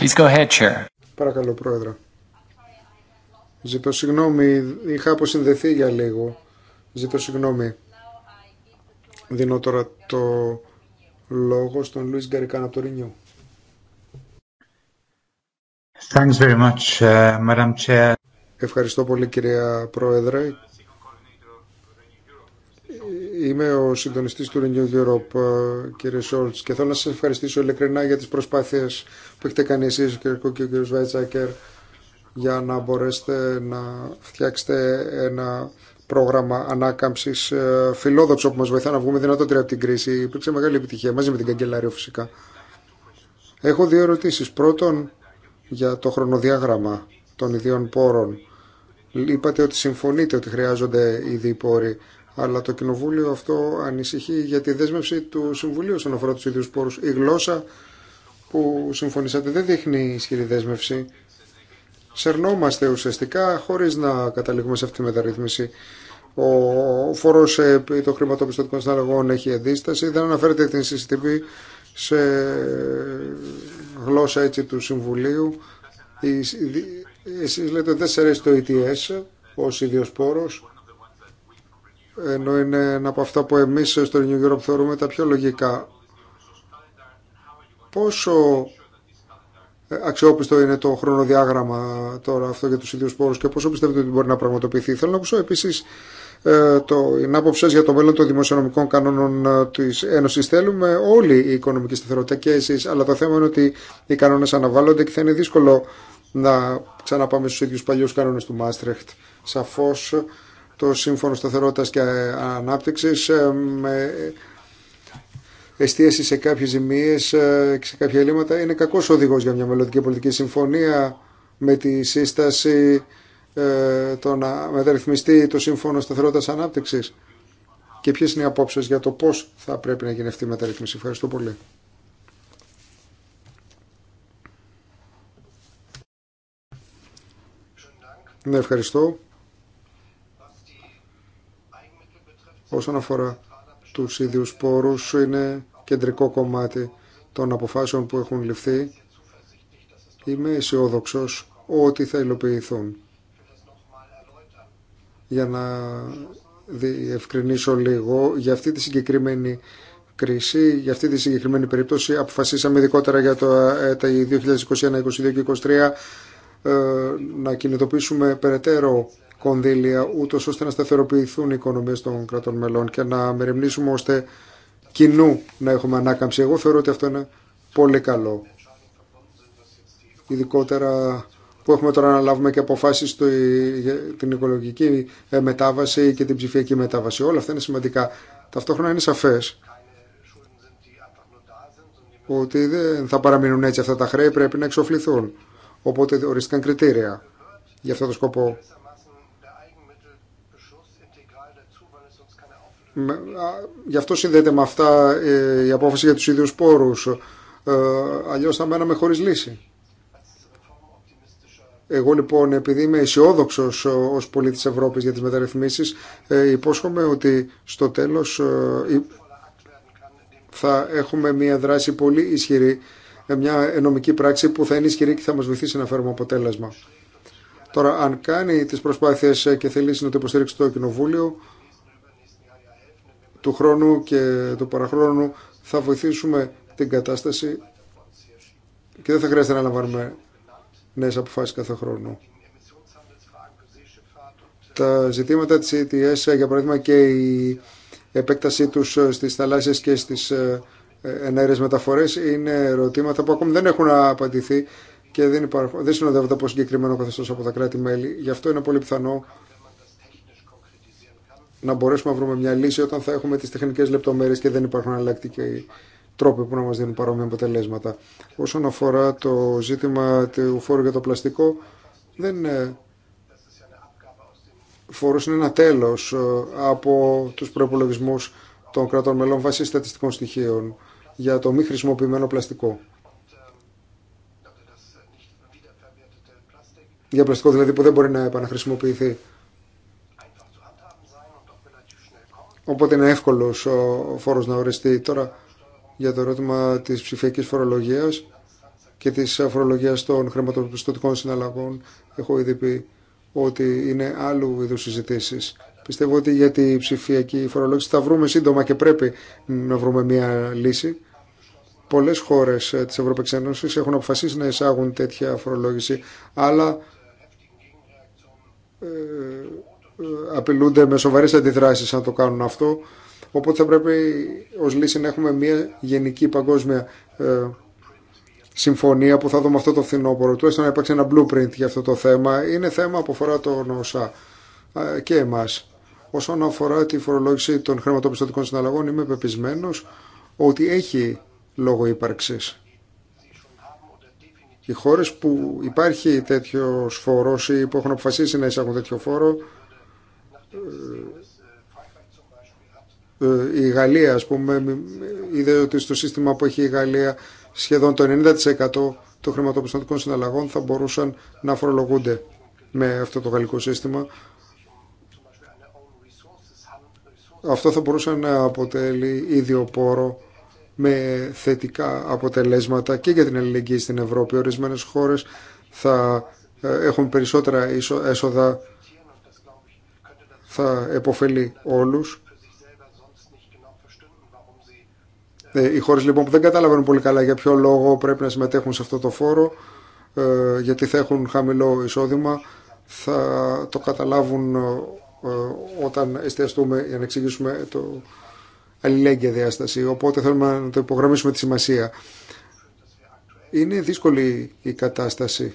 Please go ahead, Chair. Παρακαλώ, Πρόεδρε. Ζητώ συγγνώμη, είχα αποσυνδεθεί για λίγο. Ζητώ συγγνώμη. Δίνω τώρα το λόγο στον Λουίς Γκαρικάν από το Ρινιού. Uh, Ευχαριστώ πολύ κυρία Πρόεδρε. Είμαι ο συντονιστής του Renew Europe, ε, κύριε Σόλτς, και θέλω να σας ευχαριστήσω ειλικρινά για τις προσπάθειες που έχετε κάνει εσείς, κύριο και ο κύριος Βαϊτσάκερ, για να μπορέσετε να φτιάξετε ένα πρόγραμμα ανάκαμψη ε, φιλόδοξο που μα βοηθά να βγούμε δυνατότερα από την κρίση. Υπήρξε μεγάλη επιτυχία μαζί με την καγκελάριο φυσικά. Έχω δύο ερωτήσει. Πρώτον, για το χρονοδιάγραμμα των ιδίων πόρων. Είπατε ότι συμφωνείτε ότι χρειάζονται ήδη οι πόροι, αλλά το Κοινοβούλιο αυτό ανησυχεί για τη δέσμευση του Συμβουλίου στον αφορά του ίδιου πόρου. Η γλώσσα που συμφωνήσατε δεν δείχνει ισχυρή δέσμευση. Σερνόμαστε ουσιαστικά χωρί να καταλήγουμε σε αυτή τη μεταρρύθμιση. Ο φόρο επί των χρηματοπιστωτικών συναλλαγών έχει αντίσταση. Δεν αναφέρεται την CCTV σε γλώσσα έτσι του Συμβουλίου. Εσείς λέτε δεν σε αρέσει το ETS ως ιδιοσπόρος, ενώ είναι ένα από αυτά που εμείς στο New Europe θεωρούμε τα πιο λογικά. Πόσο ε, αξιόπιστο είναι το χρονοδιάγραμμα τώρα αυτό για τους ίδιους πόρους και πόσο πιστεύετε ότι μπορεί να πραγματοποιηθεί. Θέλω να ακούσω επίσης ε, το, είναι άποψη για το μέλλον των δημοσιονομικών κανόνων ε, τη Ένωση Θέλουμε όλη η οικονομική σταθερότητα και εσεί, αλλά το θέμα είναι ότι οι κανόνε αναβάλλονται και θα είναι δύσκολο να ξαναπάμε στου ίδιου παλιού κανόνε του Μάστρεχτ. σαφώ το Σύμφωνο σταθερότητα και ανάπτυξη, ε, με εστίαση σε κάποιε ζημίε και σε κάποια ελλείμματα είναι κακό οδηγό για μια μελλοντική πολιτική συμφωνία με τη σύσταση ε, το να μεταρρυθμιστεί το Σύμφωνο Σταθερότητα Ανάπτυξη και ποιε είναι οι απόψει για το πώ θα πρέπει να γίνει αυτή η μεταρρύθμιση. Ευχαριστώ πολύ. Ναι, ευχαριστώ. Όσον αφορά τους ίδιους πόρους, είναι κεντρικό κομμάτι των αποφάσεων που έχουν ληφθεί. Είμαι αισιόδοξο ότι θα υλοποιηθούν για να διευκρινίσω λίγο για αυτή τη συγκεκριμένη κρίση. Για αυτή τη συγκεκριμένη περίπτωση αποφασίσαμε ειδικότερα για το ε, τα 2021, 2022 και 2023 ε, να κινητοποιήσουμε περαιτέρω κονδύλια ούτως ώστε να σταθεροποιηθούν οι οικονομίες των κρατών μελών και να μεριμνήσουμε ώστε κοινού να έχουμε ανάκαμψη. Εγώ θεωρώ ότι αυτό είναι πολύ καλό. Ειδικότερα που έχουμε τώρα να λάβουμε και αποφάσεις στο, την οικολογική ε, μετάβαση και την ψηφιακή μετάβαση. Όλα αυτά είναι σημαντικά. Ταυτόχρονα είναι σαφές ότι δεν θα παραμείνουν έτσι αυτά τα χρέη, πρέπει να εξοφληθούν. Οπότε ορίστηκαν κριτήρια για αυτό το σκοπό. Γι' αυτό συνδέεται με αυτά ε, η απόφαση για τους ίδιους πόρους. Ε, αλλιώς θα μέναμε χωρίς λύση. Εγώ λοιπόν, επειδή είμαι αισιόδοξο ε, ω πολίτη Ευρώπη για τι μεταρρυθμίσει, ε, υπόσχομαι ότι στο τέλο ε, θα έχουμε μια δράση πολύ ισχυρή, μια νομική πράξη που θα είναι ισχυρή και θα μα βοηθήσει να φέρουμε αποτέλεσμα. Τώρα, αν κάνει τι προσπάθειε και θελήσει να το υποστηρίξει το Κοινοβούλιο, του χρόνου και του παραχρόνου θα βοηθήσουμε την κατάσταση και δεν θα χρειάζεται να λαμβάνουμε νέες αποφάσεις κάθε χρόνο. Τα ζητήματα της ETS, ε για παράδειγμα και η επέκτασή τους στις θαλάσσιες και στις ε, ε, ενέργειε μεταφορές είναι ερωτήματα που ακόμη δεν έχουν απαντηθεί και δεν, υπάρχουν, δεν συνοδεύονται από συγκεκριμένο καθεστώ από τα κράτη-μέλη. Γι' αυτό είναι πολύ πιθανό να μπορέσουμε να βρούμε μια λύση όταν θα έχουμε τι τεχνικέ λεπτομέρειε και δεν υπάρχουν αλλακτικοί τρόποι που να μας δίνουν παρόμοια αποτελέσματα. Όσον αφορά το ζήτημα του φόρου για το πλαστικό, δεν φόρος είναι ένα τέλος ε, από τους προϋπολογισμούς των κρατών μελών βάσει στατιστικών στοιχείων για το μη χρησιμοποιημένο πλαστικό. Για πλαστικό δηλαδή που δεν μπορεί να επαναχρησιμοποιηθεί. Οπότε είναι εύκολος ο φόρος να οριστεί. Τώρα για το ερώτημα της ψηφιακή φορολογία και της φορολογία των χρηματοπιστωτικών συναλλαγών. Έχω ήδη πει ότι είναι άλλου είδου συζητήσει. Πιστεύω ότι για τη ψηφιακή φορολόγηση θα βρούμε σύντομα και πρέπει να βρούμε μια λύση. Πολλές χώρες ε, της Ευρωπαϊκή Ένωση έχουν αποφασίσει να εισάγουν τέτοια φορολόγηση, αλλά ε, ε, απειλούνται με σοβαρέ αντιδράσει αν το κάνουν αυτό Οπότε θα πρέπει ως λύση να έχουμε μια γενική παγκόσμια ε, συμφωνία που θα δούμε αυτό το φθινόπωρο. έστω να υπάρξει ένα blueprint για αυτό το θέμα. Είναι θέμα που αφορά τον ΩΣΑ ε, και εμάς. Όσον αφορά τη φορολόγηση των χρηματοπιστωτικών συναλλαγών είμαι πεπισμένο ότι έχει λόγο ύπαρξη. Οι χώρε που υπάρχει τέτοιο φορό ή που έχουν αποφασίσει να εισάγουν τέτοιο φόρο ε, ε, η Γαλλία ας πούμε είδε ότι στο σύστημα που έχει η Γαλλία σχεδόν το 90% των χρηματοπιστωτικών συναλλαγών θα μπορούσαν να φορολογούνται με αυτό το γαλλικό σύστημα. Αυτό θα μπορούσε να αποτελεί ίδιο πόρο με θετικά αποτελέσματα και για την ελληνική στην Ευρώπη. Ορισμένες χώρες θα ε, έχουν περισσότερα έσοδα, θα επωφελεί όλους Ε, οι χώρε λοιπόν που δεν καταλαβαίνουν πολύ καλά για ποιο λόγο πρέπει να συμμετέχουν σε αυτό το φόρο, ε, γιατί θα έχουν χαμηλό εισόδημα, θα το καταλάβουν ε, όταν εστιαστούμε για να εξηγήσουμε το αλληλέγγυα διάσταση. Οπότε θέλουμε να το υπογραμμίσουμε τη σημασία. Είναι δύσκολη η κατάσταση.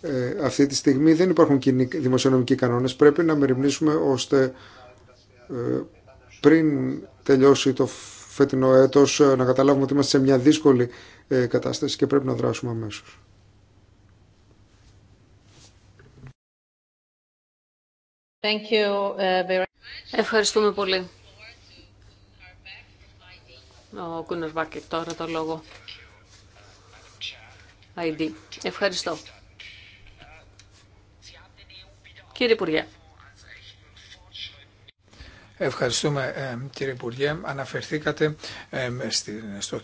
Ε, αυτή τη στιγμή δεν υπάρχουν κοινοί δημοσιονομικοί κανόνες. Πρέπει να μεριμνήσουμε ώστε ε, πριν τελειώσει το φετινό έτος ε, να καταλάβουμε ότι είμαστε σε μια δύσκολη ε, κατάσταση και πρέπει να δράσουμε αμέσω. Ε, Ευχαριστούμε πολύ. Ο Κούνερ τώρα το λόγο. ID. Ευχαριστώ. Κύριε Υπουργέ, Ευχαριστούμε ε, κύριε Υπουργέ. Αναφερθήκατε ε, στο ε,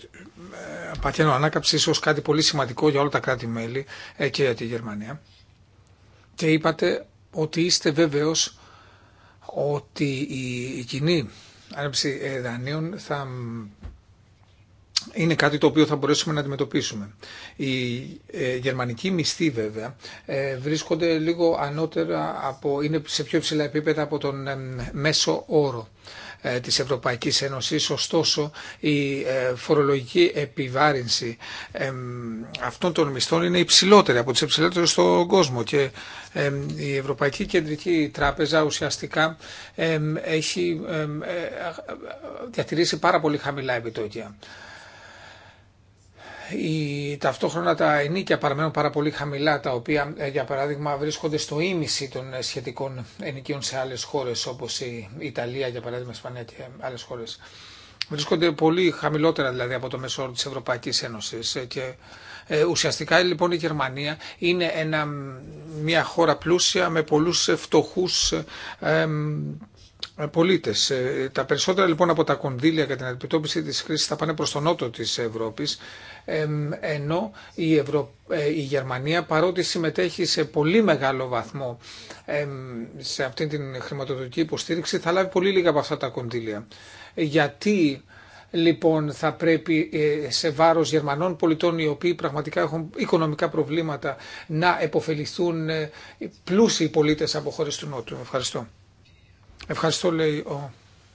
πακέτο ανάκαμψη ω κάτι πολύ σημαντικό για όλα τα κράτη-μέλη και για τη Γερμανία. Και είπατε ότι είστε βέβαιος ότι η κοινή άνεψη δανείων θα είναι κάτι το οποίο θα μπορέσουμε να αντιμετωπίσουμε. Οι ε, γερμανικοί μισθοί βέβαια ε, βρίσκονται λίγο ανώτερα, από, είναι σε πιο υψηλά επίπεδα από τον μέσο όρο ε, της Ευρωπαϊκής Ένωσης. Ωστόσο, η φορολογική επιβάρυνση αυτών των μισθών είναι υψηλότερη από τις υψηλότερες στον κόσμο και η Ευρωπαϊκή Κεντρική Τράπεζα ουσιαστικά έχει διατηρήσει πάρα πολύ χαμηλά επιτόκια ταυτόχρονα τα ενίκια παραμένουν πάρα πολύ χαμηλά, τα οποία ε, για παράδειγμα βρίσκονται στο ίμιση των ε, σχετικών ενικίων σε άλλες χώρες όπως η Ιταλία για παράδειγμα, η Ισπανία και άλλες χώρες. Βρίσκονται πολύ χαμηλότερα δηλαδή από το μέσο όρο της Ευρωπαϊκής Ένωσης ε, και ουσιαστικά λοιπόν η Γερμανία είναι μια χώρα πλούσια με πολλούς φτωχούς ε, πολίτε. Τα περισσότερα λοιπόν από τα κονδύλια για την αντιμετώπιση τη κρίση θα πάνε προ τον νότο τη Ευρώπη ενώ η, ε, η Γερμανία παρότι συμμετέχει σε πολύ μεγάλο βαθμό σε αυτή την χρηματοδοτική υποστήριξη θα λάβει πολύ λίγα από αυτά τα κοντήλια Γιατί λοιπόν θα πρέπει ε, σε βάρος Γερμανών πολιτών οι οποίοι πραγματικά έχουν οικονομικά προβλήματα να επωφεληθούν ε, πλούσιοι πολίτες από χώρες του Νότου. Ευχαριστώ. Ευχαριστώ λέει ο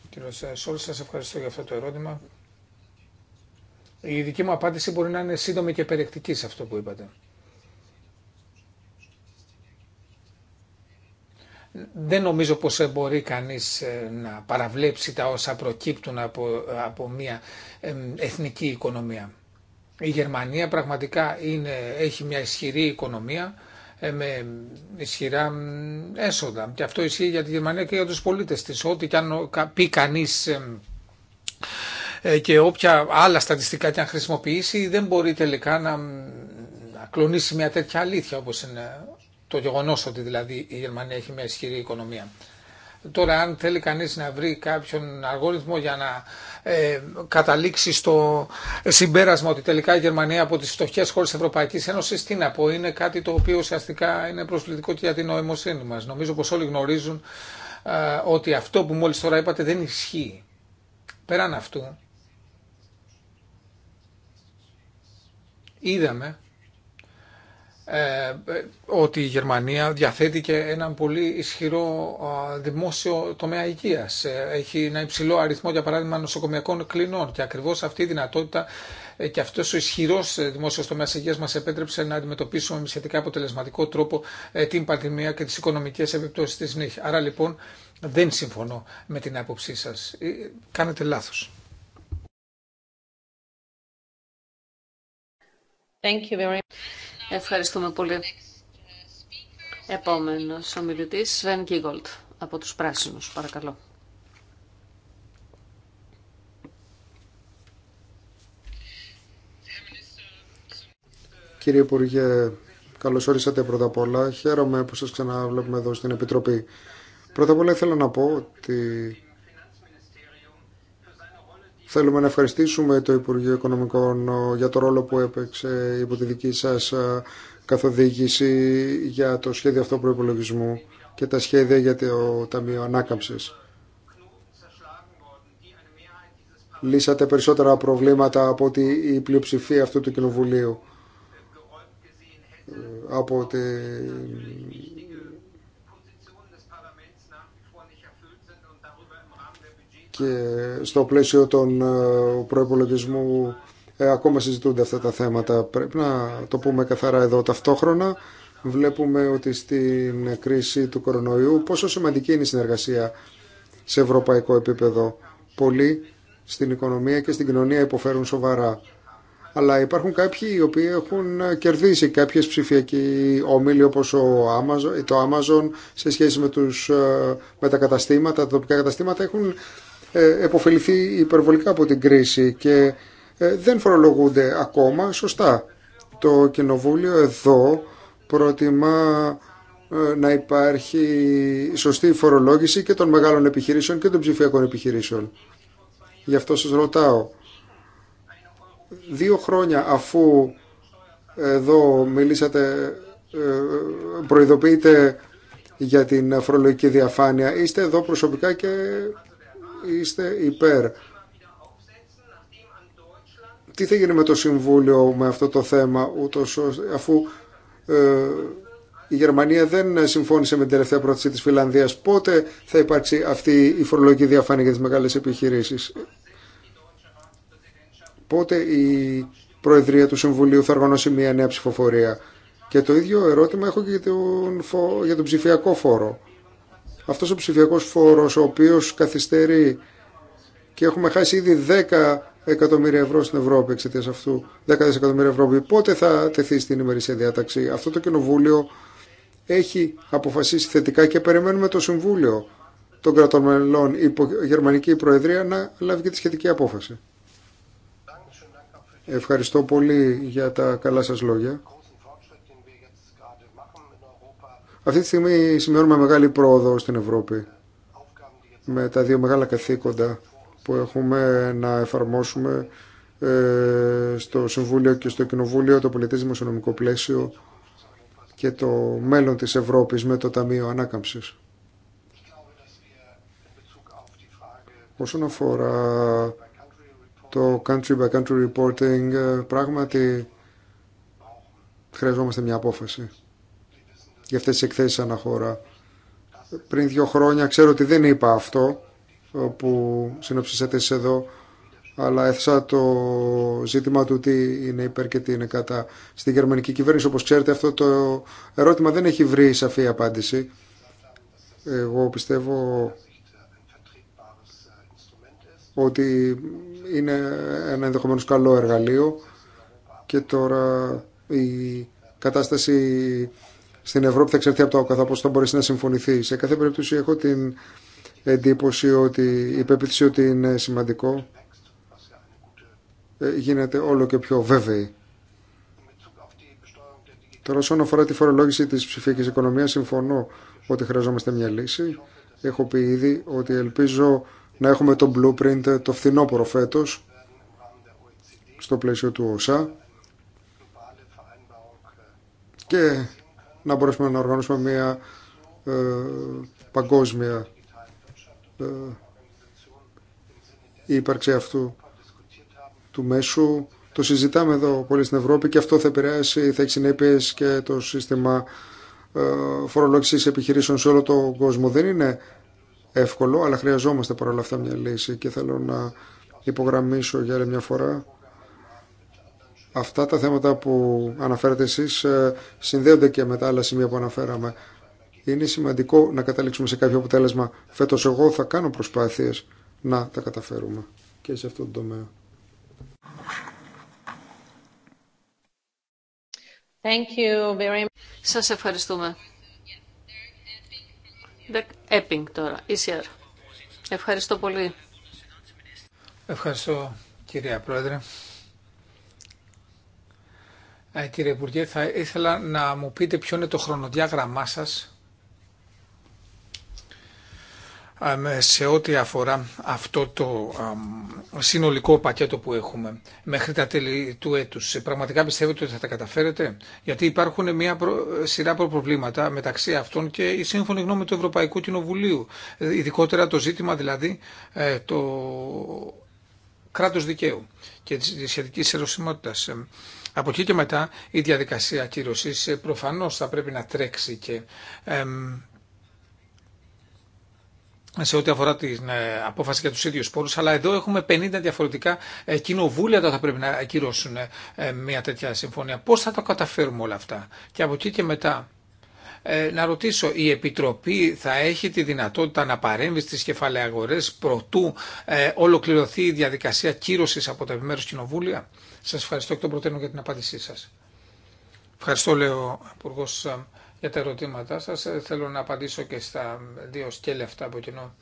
κύριος Σόλ, σας ευχαριστώ για αυτό το ερώτημα η δική μου απάντηση μπορεί να είναι σύντομη και περιεκτική σε αυτό που είπατε. Δεν νομίζω πως ε, μπορεί κανείς ε, να παραβλέψει τα όσα προκύπτουν από, ε, από μια εθνική οικονομία. Η Γερμανία πραγματικά είναι, έχει μια ισχυρή οικονομία με ισχυρά έσοδα. Και αυτό ισχύει για τη Γερμανία και για τους πολίτες της. Ό,τι και αν πει κανείς ε, και όποια άλλα στατιστικά και αν χρησιμοποιήσει δεν μπορεί τελικά να, να κλονίσει μια τέτοια αλήθεια όπως είναι το γεγονός ότι δηλαδή η Γερμανία έχει μια ισχυρή οικονομία. Τώρα αν θέλει κανείς να βρει κάποιον αργόριθμο για να ε, καταλήξει στο συμπέρασμα ότι τελικά η Γερμανία από τις φτωχές χώρες τη Ευρωπαϊκής Ένωσης, τι να πω, είναι κάτι το οποίο ουσιαστικά είναι προσβλητικό και για την νοημοσύνη μας. Νομίζω πως όλοι γνωρίζουν ε, ότι αυτό που μόλις τώρα είπατε δεν ισχύει. Πέραν αυτού, είδαμε ε, ότι η Γερμανία διαθέτει και έναν πολύ ισχυρό δημόσιο τομέα υγείας. Ε, έχει ένα υψηλό αριθμό, για παράδειγμα, νοσοκομειακών κλινών και ακριβώς αυτή η δυνατότητα ε, και αυτό ο ισχυρό δημόσιο τομέα υγεία μα επέτρεψε να αντιμετωπίσουμε με σχετικά αποτελεσματικό τρόπο την πανδημία και τι οικονομικέ επιπτώσει τη νύχη. Άρα λοιπόν δεν συμφωνώ με την άποψή σα. Κάνετε λάθο. Ευχαριστούμε πολύ. Επόμενος ομιλητής, Σβέν Κίγκολτ, από τους Πράσινους, παρακαλώ. Κύριε Υπουργέ, καλώς όρισατε πρώτα απ' όλα. Χαίρομαι που σας ξαναβλέπουμε εδώ στην Επιτροπή. Πρώτα απ' όλα ήθελα να πω ότι Θέλουμε να ευχαριστήσουμε το Υπουργείο Οικονομικών ε, για το ρόλο που έπαιξε υπό τη δική σας ε, καθοδήγηση για το σχέδιο αυτό προϋπολογισμού και τα σχέδια για το Ταμείο Ανάκαμψης. Λύσατε περισσότερα προβλήματα από ότι η πλειοψηφία αυτού του Κοινοβουλίου ε, από την και στο πλαίσιο των ε, προπολογισμού ε, ακόμα συζητούνται αυτά τα θέματα. Πρέπει να το πούμε καθαρά εδώ ταυτόχρονα. Βλέπουμε ότι στην κρίση του κορονοϊού πόσο σημαντική είναι η συνεργασία σε ευρωπαϊκό επίπεδο. Πολλοί στην οικονομία και στην κοινωνία υποφέρουν σοβαρά. Αλλά υπάρχουν κάποιοι οι οποίοι έχουν κερδίσει κάποιες ψηφιακοί όμιλοι όπως το Amazon σε σχέση με, τους, ε, με τα καταστήματα. Τα τοπικά καταστήματα έχουν ε, επωφεληθεί υπερβολικά από την κρίση και ε, δεν φορολογούνται ακόμα σωστά. Το κοινοβούλιο εδώ προτιμά ε, να υπάρχει σωστή φορολόγηση και των μεγάλων επιχειρήσεων και των ψηφιακών επιχειρήσεων. Γι' αυτό σας ρωτάω. Δύο χρόνια αφού εδώ μιλήσατε, προειδοποιείτε για την φορολογική διαφάνεια, είστε εδώ προσωπικά και είστε υπέρ. Τι θα γίνει με το Συμβούλιο με αυτό το θέμα, ούτως, αφού ε, η Γερμανία δεν συμφώνησε με την τελευταία πρόταση της Φιλανδίας, πότε θα υπάρξει αυτή η φορολογική διαφάνεια για τις μεγάλες επιχειρήσεις. Πότε η Προεδρία του Συμβουλίου θα οργανώσει μια νέα ψηφοφορία. Και το ίδιο ερώτημα έχω και για τον, για τον ψηφιακό φόρο. Αυτός ο ψηφιακός φόρος ο οποίος καθυστερεί και έχουμε χάσει ήδη 10 εκατομμύρια ευρώ στην Ευρώπη εξαιτία αυτού, 10 δισεκατομμύρια ευρώ, πότε θα τεθεί στην ημερήσια διάταξη. Αυτό το κοινοβούλιο έχει αποφασίσει θετικά και περιμένουμε το Συμβούλιο των κρατών μελών υπό Γερμανική Προεδρία να λάβει και τη σχετική απόφαση. Ευχαριστώ πολύ για τα καλά σας λόγια. Αυτή τη στιγμή σημειώνουμε μεγάλη πρόοδο στην Ευρώπη με τα δύο μεγάλα καθήκοντα που έχουμε να εφαρμόσουμε ε, στο Συμβούλιο και στο Κοινοβούλιο το πολιτισμο δημοσιονομικό πλαίσιο και το μέλλον της Ευρώπης με το Ταμείο Ανάκαμψης. Όσον αφορά το country by country reporting, ε, πράγματι χρειαζόμαστε μια απόφαση για αυτές τις εκθέσεις αναχώρα. Πριν δύο χρόνια, ξέρω ότι δεν είπα αυτό που συνοψίσατε εσείς εδώ, αλλά έθεσα το ζήτημα του τι είναι υπέρ και τι είναι κατά στη γερμανική κυβέρνηση. Όπως ξέρετε αυτό το ερώτημα δεν έχει βρει σαφή απάντηση. Εγώ πιστεύω ότι είναι ένα ενδεχομένως καλό εργαλείο και τώρα η κατάσταση στην Ευρώπη θα εξαρτηθεί από το κατά θα μπορέσει να συμφωνηθεί. Σε κάθε περίπτωση έχω την εντύπωση ότι η πεποίθηση ότι είναι σημαντικό ε, γίνεται όλο και πιο βέβαιη. Τώρα όσον αφορά τη φορολόγηση της ψηφιακής οικονομίας συμφωνώ ότι χρειαζόμαστε μια λύση. Έχω πει ήδη ότι ελπίζω να έχουμε το blueprint ε, το φθινόπωρο φέτο στο πλαίσιο του ΟΣΑ και να μπορέσουμε να οργανώσουμε μια ε, παγκόσμια ε, ύπαρξη αυτού του μέσου. Το συζητάμε εδώ πολύ στην Ευρώπη και αυτό θα επηρεάσει, θα έχει συνέπειε και το σύστημα ε, φορολόγησης επιχειρήσεων σε όλο τον κόσμο. Δεν είναι εύκολο, αλλά χρειαζόμαστε παρόλα αυτά μια λύση και θέλω να υπογραμμίσω για άλλη μια φορά Αυτά τα θέματα που αναφέρατε εσείς ε, συνδέονται και με τα άλλα σημεία που αναφέραμε. Είναι σημαντικό να καταλήξουμε σε κάποιο αποτέλεσμα. Φέτος εγώ θα κάνω προσπάθειες να τα καταφέρουμε και σε αυτόν τον τομέα. Thank you very much. Σας ευχαριστούμε. Επίνγκ τώρα, ECR. Ευχαριστώ πολύ. Ευχαριστώ κυρία Πρόεδρε. Ε, κύριε Υπουργέ, θα ήθελα να μου πείτε ποιο είναι το χρονοδιάγραμμά σας ε, σε ό,τι αφορά αυτό το συνολικό πακέτο που έχουμε μέχρι τα τέλη του έτους. Ε, πραγματικά πιστεύετε ότι θα τα καταφέρετε, γιατί υπάρχουν μια σειρά προβλήματα μεταξύ αυτών και η σύμφωνη γνώμη του Ευρωπαϊκού Κοινοβουλίου, ειδικότερα το ζήτημα δηλαδή το κράτος δικαίου και τη σχετική ερωσιμότητας. Από εκεί και μετά η διαδικασία ακύρωσης ε, προφανώς θα πρέπει να τρέξει και σε ό,τι αφορά την ε, απόφαση για του ίδιους πόρου, αλλά εδώ έχουμε 50 διαφορετικά ε, κοινοβούλια που θα πρέπει να ακυρώσουν μια τέτοια συμφωνία. Πώς θα τα καταφέρουμε όλα αυτά. Και από εκεί και μετά ε, να ρωτήσω, η Επιτροπή θα έχει τη δυνατότητα να παρέμβει στις κεφαλαίες προτού ε, ολοκληρωθεί η διαδικασία κύρωσης από τα επιμέρους κοινοβούλια. Σας ευχαριστώ εκ των προτέρων για την απάντησή σας. Ευχαριστώ, λέω ο Υπουργός, ε, για τα ερωτήματά σας. Θέλω να απαντήσω και στα δύο σκέλη αυτά από κοινό.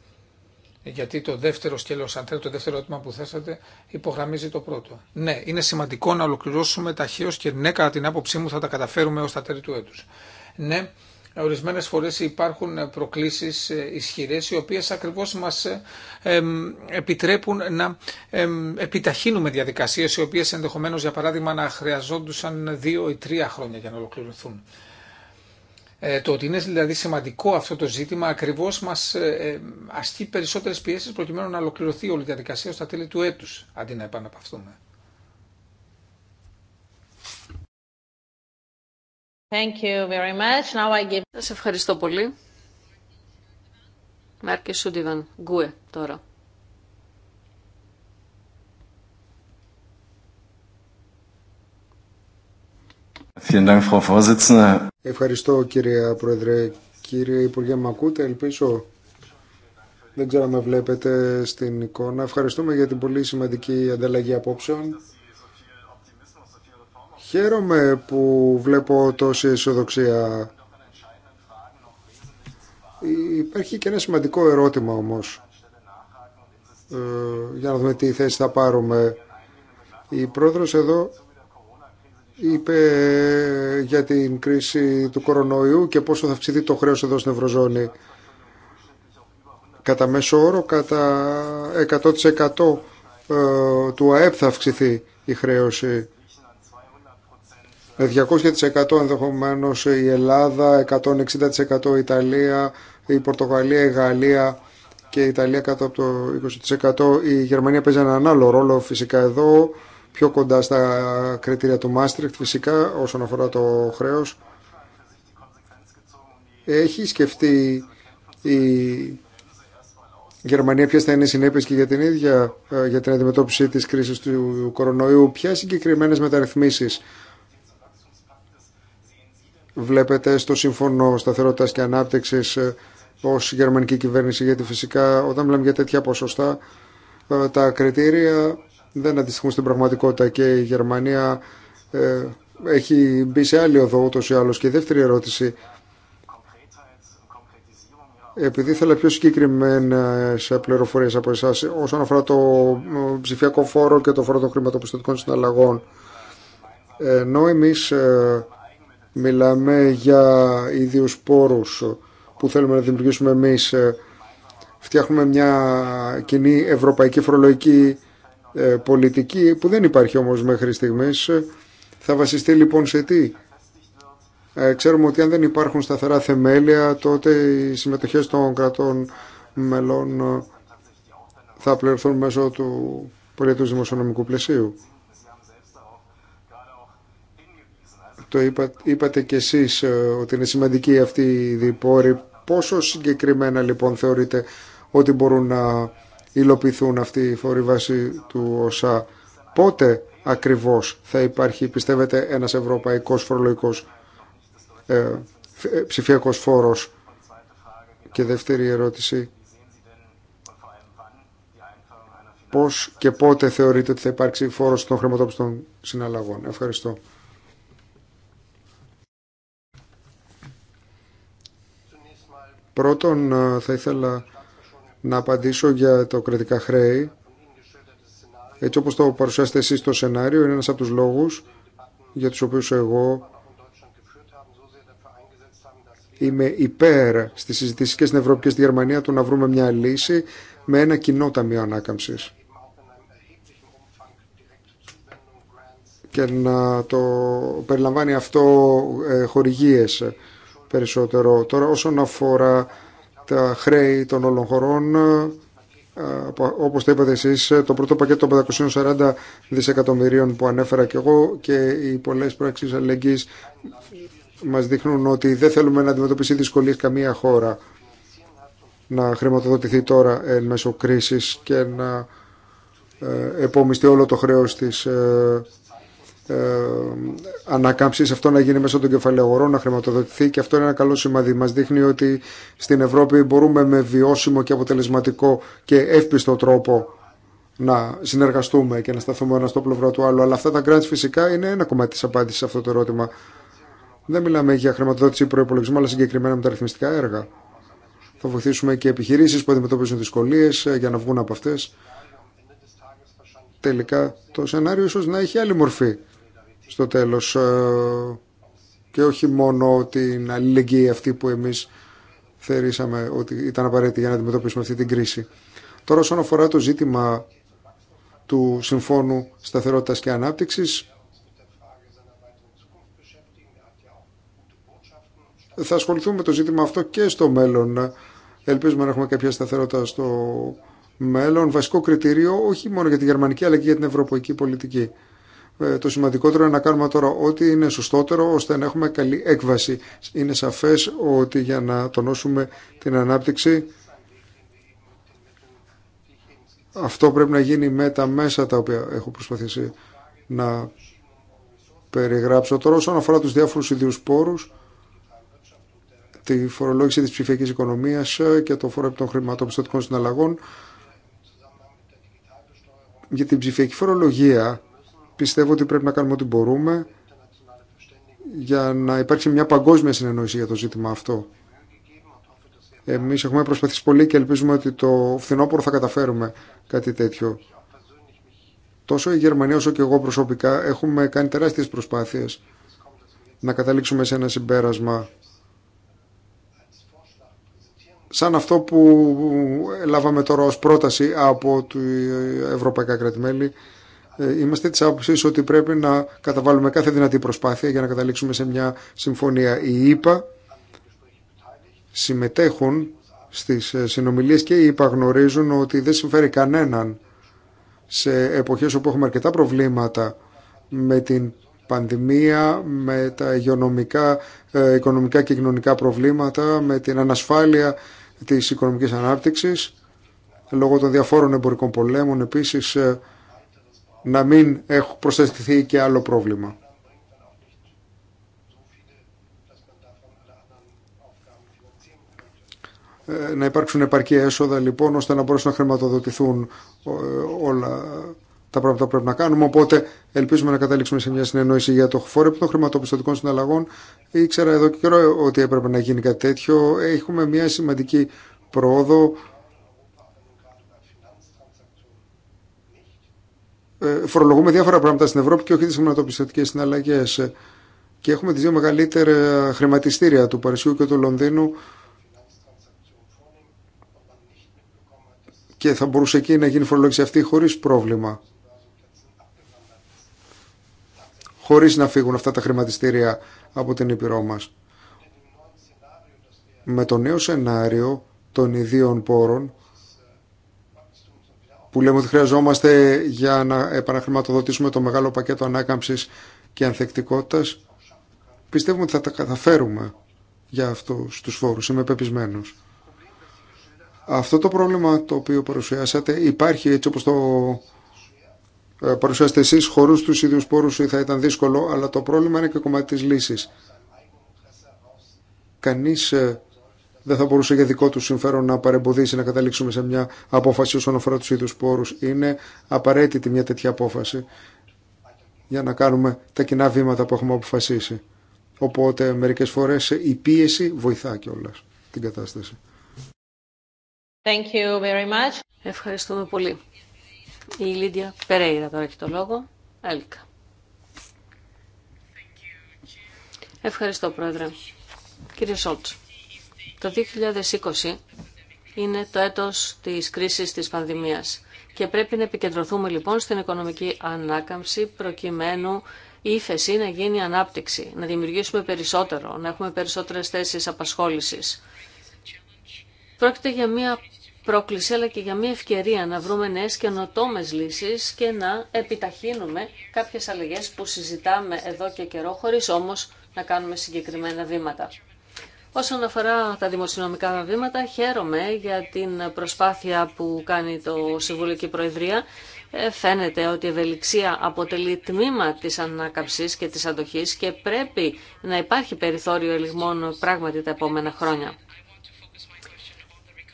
Γιατί το δεύτερο σκέλος, αν θέλετε, το δεύτερο ερώτημα που θέσατε, υπογραμμίζει το πρώτο. Ναι, είναι σημαντικό να ολοκληρώσουμε ταχαίως και ναι, κατά την άποψή μου θα τα καταφέρουμε ως τα τέλη του έτους. Ναι, Ορισμένε φορέ υπάρχουν προκλήσεις ε, ισχυρές οι οποίες ακριβώς μας ε, επιτρέπουν να επιταχύνουμε διαδικασίες οι οποίες ενδεχομένως για παράδειγμα να χρειαζόντουσαν δύο ή τρία χρόνια για να ολοκληρωθούν. Ε, το ότι είναι δηλαδή σημαντικό αυτό το ζήτημα ακριβώς μας ασκεί περισσότερε πιέσεις προκειμένου να ολοκληρωθεί όλη η διαδικασία στα τέλη του έτου, αντί να επαναπαυθούμε. Σα ευχαριστώ πολύ. τώρα. Ευχαριστώ κύριε Πρόεδρε. Κύριε Υπουργέ, με ακούτε, ελπίζω. Δεν ξέρω αν με βλέπετε στην εικόνα. Ευχαριστούμε για την πολύ σημαντική ανταλλαγή απόψεων. Χαίρομαι που βλέπω τόση αισιοδοξία. Υπάρχει και ένα σημαντικό ερώτημα όμως. Ε, για να δούμε τι θέση θα πάρουμε. Η πρόεδρος εδώ είπε για την κρίση του κορονοϊού και πόσο θα αυξηθεί το χρέος εδώ στην Ευρωζώνη. Κατά μέσο όρο, κατά 100% ε, του ΑΕΠ θα αυξηθεί η χρέωση 200% ενδεχομένως η Ελλάδα, 160% η Ιταλία, η Πορτογαλία, η Γαλλία και η Ιταλία κάτω από το 20%. Η Γερμανία παίζει έναν άλλο ρόλο φυσικά εδώ, πιο κοντά στα κριτήρια του Μάστριχτ φυσικά όσον αφορά το χρέος. Έχει σκεφτεί η Γερμανία ποιε θα είναι οι συνέπειε και για την ίδια ε, για την αντιμετώπιση τη κρίση του κορονοϊού, ποια συγκεκριμένε μεταρρυθμίσει βλέπετε στο Σύμφωνο Σταθερότητας και Ανάπτυξης ε, ως γερμανική κυβέρνηση, γιατί φυσικά όταν μιλάμε για τέτοια ποσοστά ε, τα κριτήρια δεν αντιστοιχούν στην πραγματικότητα και η Γερμανία ε, έχει μπει σε άλλη οδό ούτως ή άλλως. Και η δεύτερη ερώτηση, επειδή ήθελα πιο συγκεκριμένε πληροφορίε από εσά όσον αφορά το ψηφιακό φόρο και το φόρο των χρηματοπιστωτικών συναλλαγών, ενώ εμεί Μιλάμε για ίδιους πόρους που θέλουμε να δημιουργήσουμε εμείς. Ε, φτιάχνουμε μια κοινή ευρωπαϊκή φορολογική ε, πολιτική που δεν υπάρχει όμως μέχρι στιγμής. Θα βασιστεί λοιπόν σε τι. Ε, ξέρουμε ότι αν δεν υπάρχουν σταθερά θεμέλια τότε οι συμμετοχές των κρατών μελών θα πληρωθούν μέσω του πολιτικού δημοσιονομικού πλαισίου. Το είπατε κι εσείς ε, ότι είναι σημαντική αυτή η διπόρη. Πόσο συγκεκριμένα λοιπόν θεωρείτε ότι μπορούν να υλοποιηθούν αυτοί οι φοροί του ΩΣΑ. Πότε ακριβώς θα υπάρχει, πιστεύετε, ένας ευρωπαϊκός φορολογικός ε, ε, ψηφιακός φόρος. Και δεύτερη ερώτηση. Πώς και πότε θεωρείτε ότι θα υπάρξει φόρος των χρηματόπιστων συναλλαγών. Ευχαριστώ. Πρώτον, ε, θα ήθελα να απαντήσω για το κρατικά χρέη. Έτσι όπως το παρουσιάσετε εσείς στο σενάριο, είναι ένας από τους λόγους για τους οποίους εγώ είμαι υπέρ στις συζητήσεις και στην Ευρώπη και στη Γερμανία του να βρούμε μια λύση με ένα κοινό ταμείο ανάκαμψης. και να το περιλαμβάνει αυτό ε, χορηγίες περισσότερο. Τώρα όσον αφορά τα χρέη των όλων χωρών, ε, όπως το είπατε εσείς, το πρώτο πακέτο των 540 δισεκατομμυρίων που ανέφερα και εγώ και οι πολλές πράξεις αλληλεγγύης μας δείχνουν ότι δεν θέλουμε να αντιμετωπίσει δυσκολίες καμία χώρα να χρηματοδοτηθεί τώρα εν μέσω κρίσης και να ε, επομιστεί όλο το χρέος της ε, ε, ανακάμψη αυτό να γίνει μέσω των κεφαλαίων να χρηματοδοτηθεί και αυτό είναι ένα καλό σημάδι. Μας δείχνει ότι στην Ευρώπη μπορούμε με βιώσιμο και αποτελεσματικό και εύπιστο τρόπο να συνεργαστούμε και να σταθούμε ένα στο πλευρό του άλλου. Αλλά αυτά τα grants φυσικά είναι ένα κομμάτι της απάντησης σε αυτό το ερώτημα. Δεν μιλάμε για χρηματοδότηση προπολογισμού, αλλά συγκεκριμένα μεταρρυθμιστικά έργα. Θα βοηθήσουμε και επιχειρήσεις που αντιμετωπίζουν δυσκολίε ε, για να βγουν από αυτές. Τελικά το σενάριο ίσως να έχει άλλη μορφή στο τέλος ε, και όχι μόνο την αλληλεγγύη αυτή που εμείς θεωρήσαμε ότι ήταν απαραίτητη για να αντιμετωπίσουμε αυτή την κρίση. Τώρα όσον αφορά το ζήτημα του Συμφώνου Σταθερότητας και Ανάπτυξης θα ασχοληθούμε με το ζήτημα αυτό και στο μέλλον. Ελπίζουμε να έχουμε κάποια σταθερότητα στο μέλλον. Βασικό κριτήριο όχι μόνο για τη γερμανική αλλά και για την ευρωπαϊκή πολιτική. Ε, το σημαντικότερο είναι να κάνουμε τώρα ό,τι είναι σωστότερο ώστε να έχουμε καλή έκβαση. Είναι σαφές ότι για να τονώσουμε την ανάπτυξη αυτό πρέπει να γίνει με τα μέσα τα οποία έχω προσπαθήσει να περιγράψω. Τώρα όσον αφορά τους διάφορους ιδιούς πόρους, τη φορολόγηση της ψηφιακής οικονομίας και το φόρο των χρηματοπιστωτικών συναλλαγών, για την ψηφιακή φορολογία πιστεύω ότι πρέπει να κάνουμε ό,τι μπορούμε για να υπάρξει μια παγκόσμια συνεννόηση για το ζήτημα αυτό. Εμείς έχουμε προσπαθήσει πολύ και ελπίζουμε ότι το φθινόπωρο θα καταφέρουμε κάτι τέτοιο. Τόσο η Γερμανία όσο και εγώ προσωπικά έχουμε κάνει τεράστιες προσπάθειες να καταλήξουμε σε ένα συμπέρασμα σαν αυτό που λάβαμε τώρα ως πρόταση από του ευρωπαϊκά κρατημέλη ε, είμαστε τη άποψη ότι πρέπει να καταβάλουμε κάθε δυνατή προσπάθεια για να καταλήξουμε σε μια συμφωνία. η ΕΠΑ συμμετέχουν στις ε, συνομιλίες και οι ΕΠΑ γνωρίζουν ότι δεν συμφέρει κανέναν σε εποχές όπου έχουμε αρκετά προβλήματα με την πανδημία, με τα υγειονομικά, ε, οικονομικά και κοινωνικά προβλήματα, με την ανασφάλεια της οικονομικής ανάπτυξης, λόγω των διαφόρων εμπορικών πολέμων, επίσης να μην έχουν προσθεθεί και άλλο πρόβλημα. Ε, να υπάρξουν επαρκή έσοδα λοιπόν ώστε να μπορέσουν να χρηματοδοτηθούν ε, όλα τα πράγματα που πρέπει να κάνουμε. Οπότε ελπίζουμε να καταλήξουμε σε μια συνεννόηση για το φόρεπτο των χρηματοπιστωτικών συναλλαγών. Ήξερα εδώ και καιρό ότι έπρεπε να γίνει κάτι τέτοιο. Έχουμε μια σημαντική πρόοδο Ε, φορολογούμε διάφορα πράγματα στην Ευρώπη και όχι τι χρηματοπιστωτικέ συναλλαγές. Ε, και έχουμε τις δύο μεγαλύτερα χρηματιστήρια του Παρισιού και του Λονδίνου και θα μπορούσε εκεί να γίνει φορολόγηση αυτή χωρίς πρόβλημα. Χωρίς να φύγουν αυτά τα χρηματιστήρια από την Ήπειρό μας. Με το νέο σενάριο των ιδίων πόρων που λέμε ότι χρειαζόμαστε για να επαναχρηματοδοτήσουμε το μεγάλο πακέτο ανάκαμψης και ανθεκτικότητας, πιστεύουμε ότι θα τα καταφέρουμε για αυτού του φόρους. Είμαι πεπισμένο. Αυτό το πρόβλημα το οποίο παρουσιάσατε υπάρχει έτσι όπως το ε, παρουσιάσετε εσείς χωρίς τους ίδιους ή θα ήταν δύσκολο, αλλά το πρόβλημα είναι και κομμάτι της λύσης. Κανείς ε, δεν θα μπορούσε για δικό του συμφέρον να παρεμποδίσει να καταλήξουμε σε μια απόφαση όσον αφορά του ίδιου πόρου. Είναι απαραίτητη μια τέτοια απόφαση για να κάνουμε τα κοινά βήματα που έχουμε αποφασίσει. Οπότε μερικές φορές η πίεση βοηθά κιόλα την κατάσταση. Thank you very much. Ευχαριστούμε πολύ. Η Λίδια Περέιρα τώρα έχει το λόγο. Ευχαριστώ, Πρόεδρε. Κύριε Σόλτς. Το 2020 είναι το έτος της κρίσης της πανδημίας και πρέπει να επικεντρωθούμε λοιπόν στην οικονομική ανάκαμψη προκειμένου η ύφεση να γίνει ανάπτυξη, να δημιουργήσουμε περισσότερο, να έχουμε περισσότερες θέσεις απασχόλησης. Πρόκειται για μια πρόκληση αλλά και για μια ευκαιρία να βρούμε νέες καινοτόμε λύσεις και να επιταχύνουμε κάποιες αλλαγές που συζητάμε εδώ και καιρό χωρίς όμως να κάνουμε συγκεκριμένα βήματα. Όσον αφορά τα δημοσιονομικά βήματα, χαίρομαι για την προσπάθεια που κάνει το Συμβούλιο και η Προεδρία. Ε, φαίνεται ότι η ευελιξία αποτελεί τμήμα της ανάκαμψης και της αντοχής και πρέπει να υπάρχει περιθώριο ελιγμών πράγματι τα επόμενα χρόνια.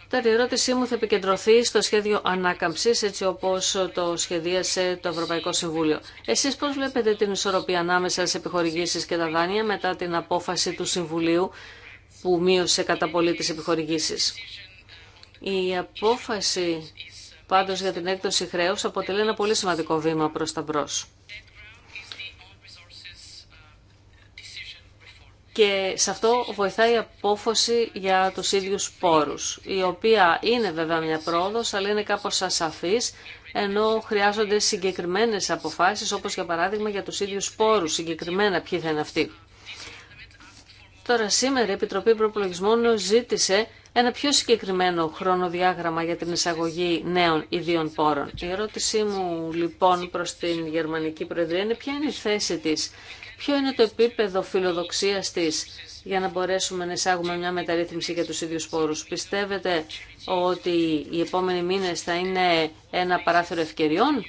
Τώρα η ερώτησή μου θα επικεντρωθεί στο σχέδιο ανάκαμψης έτσι όπως το σχεδίασε το Ευρωπαϊκό Συμβούλιο. Εσείς πώς βλέπετε την ισορροπία ανάμεσα στις επιχορηγήσεις και τα δάνεια μετά την απόφαση του Συμβουλίου που μείωσε κατά πολύ τις επιχορηγήσεις. Η απόφαση πάντως για την έκδοση χρέους αποτελεί ένα πολύ σημαντικό βήμα προς τα μπρος. Και σε αυτό βοηθάει η απόφαση για τους ίδιους πόρους, η οποία είναι βέβαια μια πρόοδος, αλλά είναι κάπως ασαφής, ενώ χρειάζονται συγκεκριμένες αποφάσεις, όπως για παράδειγμα για τους ίδιους πόρους, συγκεκριμένα ποιοι θα είναι αυτοί. Τώρα σήμερα η Επιτροπή Προπολογισμών ζήτησε ένα πιο συγκεκριμένο χρονοδιάγραμμα για την εισαγωγή νέων ιδίων πόρων. Η ερώτησή μου λοιπόν προς την Γερμανική Προεδρία είναι ποια είναι η θέση της, ποιο είναι το επίπεδο φιλοδοξίας της για να μπορέσουμε να εισάγουμε μια μεταρρύθμιση για τους ίδιους πόρους. Πιστεύετε ότι οι επόμενοι μήνες θα είναι ένα παράθυρο ευκαιριών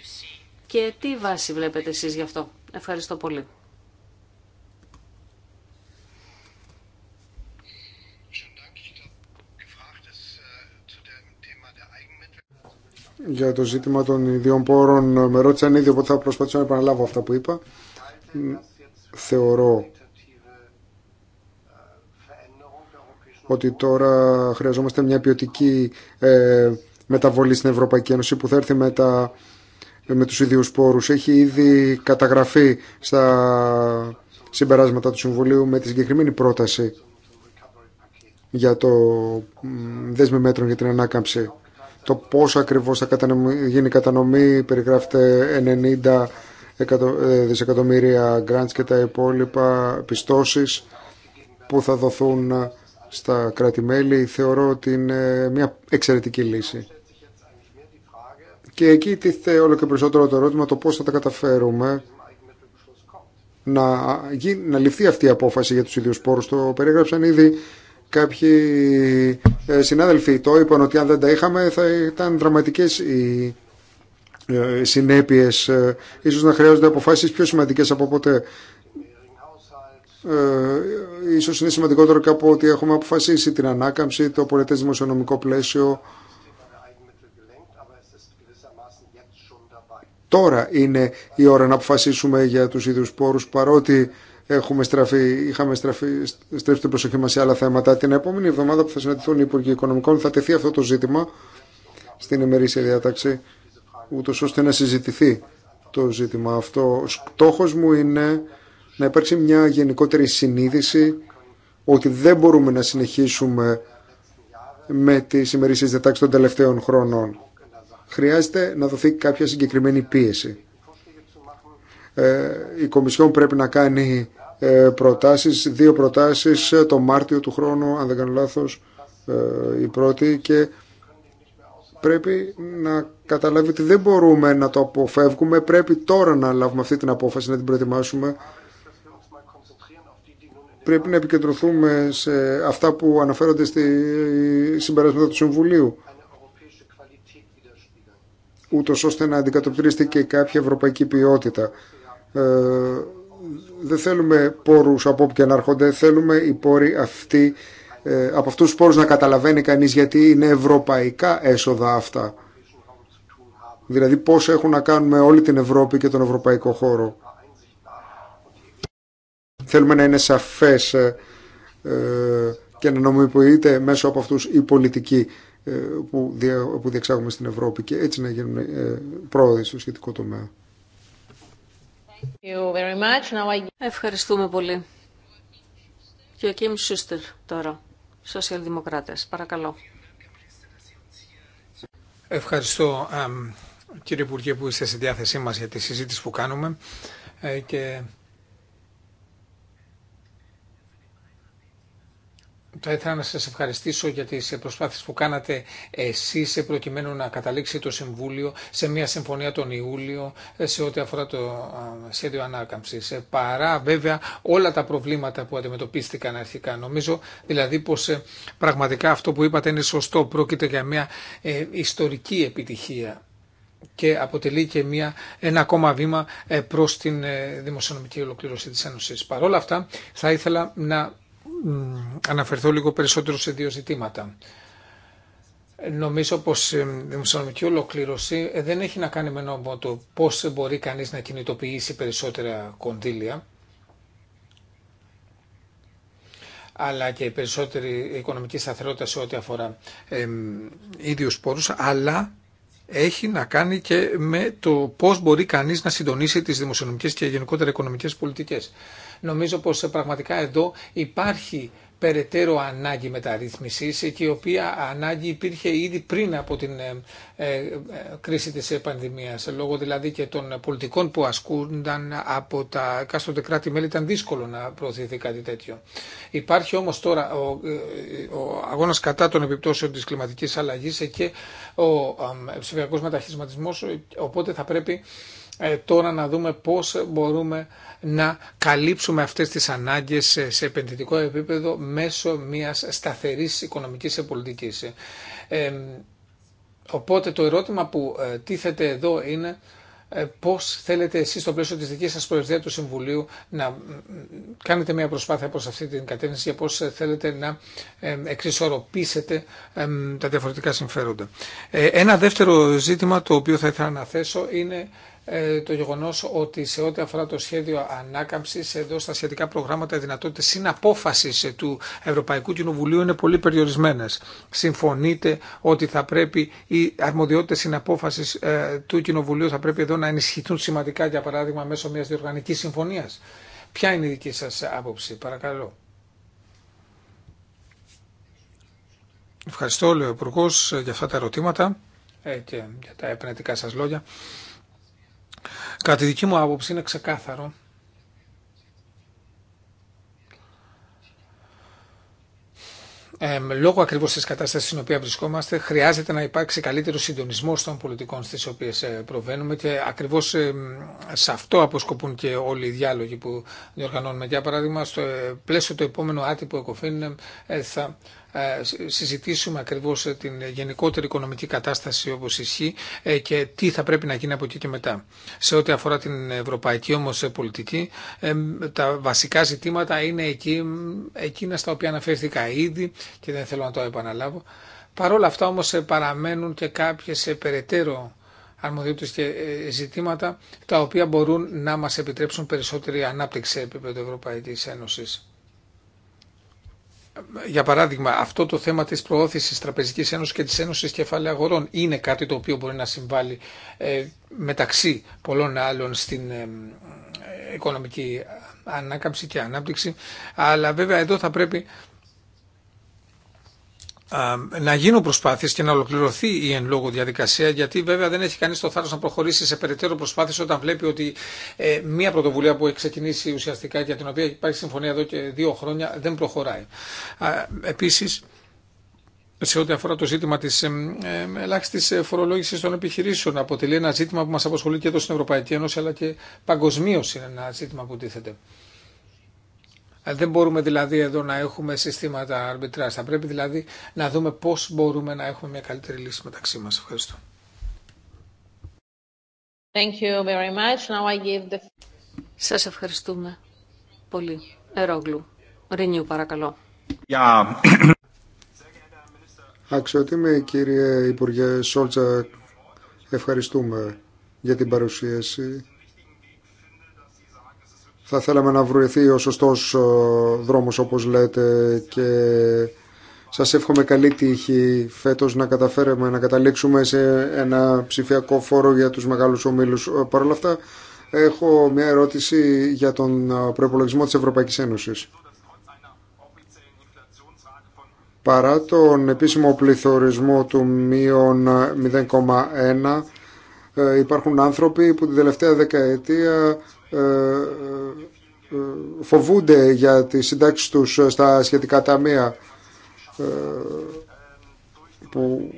και τι βάση βλέπετε εσείς γι' αυτό. Ευχαριστώ πολύ. για το ζήτημα των ιδιών πόρων με ρώτησαν ήδη, οπότε θα προσπαθήσω να επαναλάβω αυτά που είπα. Θεωρώ ότι τώρα χρειαζόμαστε μια ποιοτική ε, μεταβολή στην Ευρωπαϊκή Ένωση που θα έρθει με, τα, με τους ίδιους πόρους. Έχει ήδη καταγραφεί στα συμπεράσματα του Συμβουλίου με τη συγκεκριμένη πρόταση για το δέσμι μέτρων για την ανάκαμψη. Το πώς ακριβώς θα γίνει η κατανομή περιγράφεται 90 ε, δισεκατομμύρια grants και τα υπόλοιπα πιστώσεις που θα δοθούν στα κράτη-μέλη. Θεωρώ ότι είναι μια εξαιρετική λύση. Και εκεί τίθεται όλο και περισσότερο το ερώτημα το πώς θα τα καταφέρουμε να, να ληφθεί αυτή η απόφαση για τους ίδιους πόρους. Το περιγράψαν ήδη Κάποιοι ε, συνάδελφοι το είπαν ότι αν δεν τα είχαμε θα ήταν δραματικές οι ε, συνέπειες. Ε, ίσως να χρειάζονται αποφάσεις πιο σημαντικές από ποτέ. Ε, ίσως είναι σημαντικότερο κάπου ότι έχουμε αποφασίσει την ανάκαμψη, το πολιτές δημοσιονομικό πλαίσιο. Τώρα είναι η ώρα να αποφασίσουμε για τους ίδιους πόρους, παρότι έχουμε στραφεί, είχαμε στραφεί, στρέψει την προσοχή μα σε άλλα θέματα. Την επόμενη εβδομάδα που θα συναντηθούν οι Υπουργοί Οικονομικών θα τεθεί αυτό το ζήτημα στην ημερήσια διάταξη, ούτω ώστε να συζητηθεί το ζήτημα αυτό. Ο στόχο μου είναι να υπάρξει μια γενικότερη συνείδηση ότι δεν μπορούμε να συνεχίσουμε με τι ημερήσιες διατάξει των τελευταίων χρόνων. Χρειάζεται να δοθεί κάποια συγκεκριμένη πίεση. Ε, η Κομισιόν πρέπει να κάνει ε, προτάσεις, δύο προτάσεις ε, το Μάρτιο του χρόνου, αν δεν κάνω λάθος, ε, η πρώτη και πρέπει να καταλάβει ότι δεν μπορούμε να το αποφεύγουμε, πρέπει τώρα να λάβουμε αυτή την απόφαση, να την προετοιμάσουμε. Πρέπει να επικεντρωθούμε σε αυτά που αναφέρονται στη συμπεράσματα του Συμβουλίου ούτως ώστε να αντικατοπτρίστηκε και κάποια ευρωπαϊκή ποιότητα δεν θέλουμε πόρους από όπου και να έρχονται, θέλουμε οι πόροι αυτοί, ε, από αυτούς τους πόρους να καταλαβαίνει κανείς γιατί είναι ευρωπαϊκά έσοδα αυτά. Δηλαδή πώς έχουν να κάνουν όλη την Ευρώπη και τον ευρωπαϊκό χώρο. Θέλουμε να είναι σαφές ε, ε, και να νομιμοποιείται μέσω από αυτούς η πολιτική που διεξάγουμε στην Ευρώπη και έτσι να γίνουν πρόοδοι στο σχετικό τομέα. Ευχαριστούμε πολύ. Και ο Κίμ Σούστερ τώρα, Σοσιαλδημοκράτες. Παρακαλώ. Ευχαριστώ κύριε Υπουργέ που είστε στη διάθεσή μας για τη συζήτηση που κάνουμε ε, και Θα ήθελα να σας ευχαριστήσω για τις προσπάθειες που κάνατε εσείς προκειμένου να καταλήξει το Συμβούλιο σε μια συμφωνία τον Ιούλιο ε, σε ό,τι αφορά το σχέδιο ανάκαμψης. Ε, παρά βέβαια όλα τα προβλήματα που αντιμετωπίστηκαν αρχικά. Νομίζω δηλαδή πως ε, πραγματικά αυτό που είπατε είναι σωστό. Πρόκειται για μια ιστορική επιτυχία και αποτελεί και μια, ένα ακόμα βήμα προς την δημοσιονομική ολοκλήρωση της Ένωσης. Παρ' όλα αυτά θα ήθελα να αναφερθώ λίγο περισσότερο σε δύο ζητήματα. Νομίζω πως ε, η δημοσιονομική ολοκλήρωση ε, δεν έχει να κάνει με το πώς μπορεί κανείς να κινητοποιήσει περισσότερα κονδύλια, αλλά και η περισσότερη οικονομική σταθερότητα σε ό,τι αφορά ε, ίδιους πόρους, αλλά έχει να κάνει και με το πώς μπορεί κανείς να συντονίσει τις δημοσιονομικές και γενικότερα οικονομικές πολιτικές. Νομίζω πως ε, πραγματικά εδώ υπάρχει περαιτέρω ανάγκη μεταρρύθμισης και η οποία ανάγκη υπήρχε ήδη πριν από την ε, ε, κρίση της πανδημίας. Λόγω δηλαδή και των πολιτικών που ασκούνταν από τα κάστοτε κράτη-μέλη ήταν δύσκολο να προωθηθεί κάτι τέτοιο. Υπάρχει όμως τώρα ο, ο αγώνας κατά των επιπτώσεων της κλιματικής αλλαγής και ο ψηφιακός μεταχειρισματισμός, οπότε θα πρέπει ε, τώρα να δούμε πώς μπορούμε να καλύψουμε αυτές τις ανάγκες σε επενδυτικό επίπεδο μέσω μιας σταθερής οικονομικής πολιτικής. Ε, οπότε το ερώτημα που ε, τίθεται εδώ είναι πώς θέλετε εσείς στο πλαίσιο της δικής σας προεδρία του Συμβουλίου να κάνετε μια προσπάθεια προς αυτή την κατεύθυνση και πώς θέλετε να εξισορροπήσετε τα διαφορετικά συμφέροντα. Ένα δεύτερο ζήτημα το οποίο θα ήθελα να θέσω είναι ε, το γεγονό ότι σε ό,τι αφορά το σχέδιο ανάκαμψη, εδώ στα σχετικά προγράμματα οι δυνατότητε συναπόφαση του Ευρωπαϊκού Κοινοβουλίου είναι πολύ περιορισμένες. Συμφωνείτε ότι θα πρέπει οι αρμοδιότητες συναπόφασης ε, του Κοινοβουλίου θα πρέπει εδώ να ενισχυθούν σημαντικά για παράδειγμα μέσω μια διοργανική συμφωνία. Ποια είναι η δική σα άποψη, παρακαλώ. Ευχαριστώ, λέει ο Υπουργός, για αυτά τα ερωτήματα ε, και για τα επενετικά σας λόγια. Κατά τη δική μου άποψη είναι ξεκάθαρο λόγω ακριβώ τη κατάσταση στην οποία βρισκόμαστε, χρειάζεται να υπάρξει καλύτερο συντονισμό των πολιτικών στι οποίε ε, προβαίνουμε και ακριβώ σε αυτό αποσκοπούν και όλοι οι διάλογοι που διοργανώνουμε. Για παράδειγμα, στο ε, πλαίσιο του επόμενου άτυπου ΕΚΟΦΗΝ θα ε, συζητήσουμε ακριβώς ε, την γενικότερη οικονομική κατάσταση όπως ισχύει ε, και τι θα πρέπει να γίνει από εκεί και μετά. Σε ό,τι αφορά την ευρωπαϊκή όμως πολιτική, τα βασικά ζητήματα είναι εκεί, εκείνα στα οποία αναφέρθηκα ήδη και δεν θέλω να το επαναλάβω. Παρ' όλα αυτά όμως παραμένουν και κάποιες περαιτέρω αρμοδιότητες και ζητήματα τα οποία μπορούν να μας επιτρέψουν περισσότερη ανάπτυξη επίπεδο Ευρωπαϊκής Ένωσης για παράδειγμα, αυτό το θέμα της προώθησης Τραπεζικής Ένωσης και της Ένωσης Κεφάλαια Αγορών είναι κάτι το οποίο μπορεί να συμβάλλει ε, μεταξύ πολλών άλλων στην ε, ε, οικονομική ανάκαμψη και ανάπτυξη. Αλλά βέβαια εδώ θα πρέπει να γίνουν προσπάθειε και να ολοκληρωθεί η εν λόγω διαδικασία, γιατί βέβαια δεν έχει κανεί το θάρρο να προχωρήσει σε περαιτέρω προσπάθειε όταν βλέπει ότι ε, μία πρωτοβουλία που έχει ξεκινήσει ουσιαστικά για την οποία υπάρχει συμφωνία εδώ και δύο χρόνια δεν προχωράει. Επίση, σε ό,τι αφορά το ζήτημα τη ελάχιστη ε, φορολόγηση των επιχειρήσεων, αποτελεί ένα ζήτημα που μα απασχολεί και εδώ στην Ευρωπαϊκή Ένωση, αλλά και παγκοσμίω είναι ένα ζήτημα που τίθεται. Ε, δεν μπορούμε δηλαδή εδώ να έχουμε συστήματα αρμπιτρά. Θα πρέπει δηλαδή να δούμε πώς μπορούμε να έχουμε μια καλύτερη λύση μεταξύ μα. Ευχαριστώ. Thank the... Σας ευχαριστούμε πολύ. Ερόγλου. Ρινιού παρακαλώ. Yeah. Αξιότιμη κύριε Υπουργέ Σόλτσα, ευχαριστούμε για την παρουσίαση θα θέλαμε να βρεθεί ο σωστός ε, δρόμος όπως λέτε και σας εύχομαι καλή τύχη φέτος να καταφέρουμε να καταλήξουμε σε ένα ψηφιακό φόρο για τους μεγάλους ομίλους. Ε, παρ' όλα αυτά έχω μια ερώτηση για τον ε, προπολογισμό της Ευρωπαϊκής Ένωσης. Παρά τον επίσημο πληθωρισμό του μείον 0,1 υπάρχουν άνθρωποι που την τελευταία δεκαετία ε, ε, φοβούνται για τις συντάξεις τους ε, στα σχετικά ταμεία που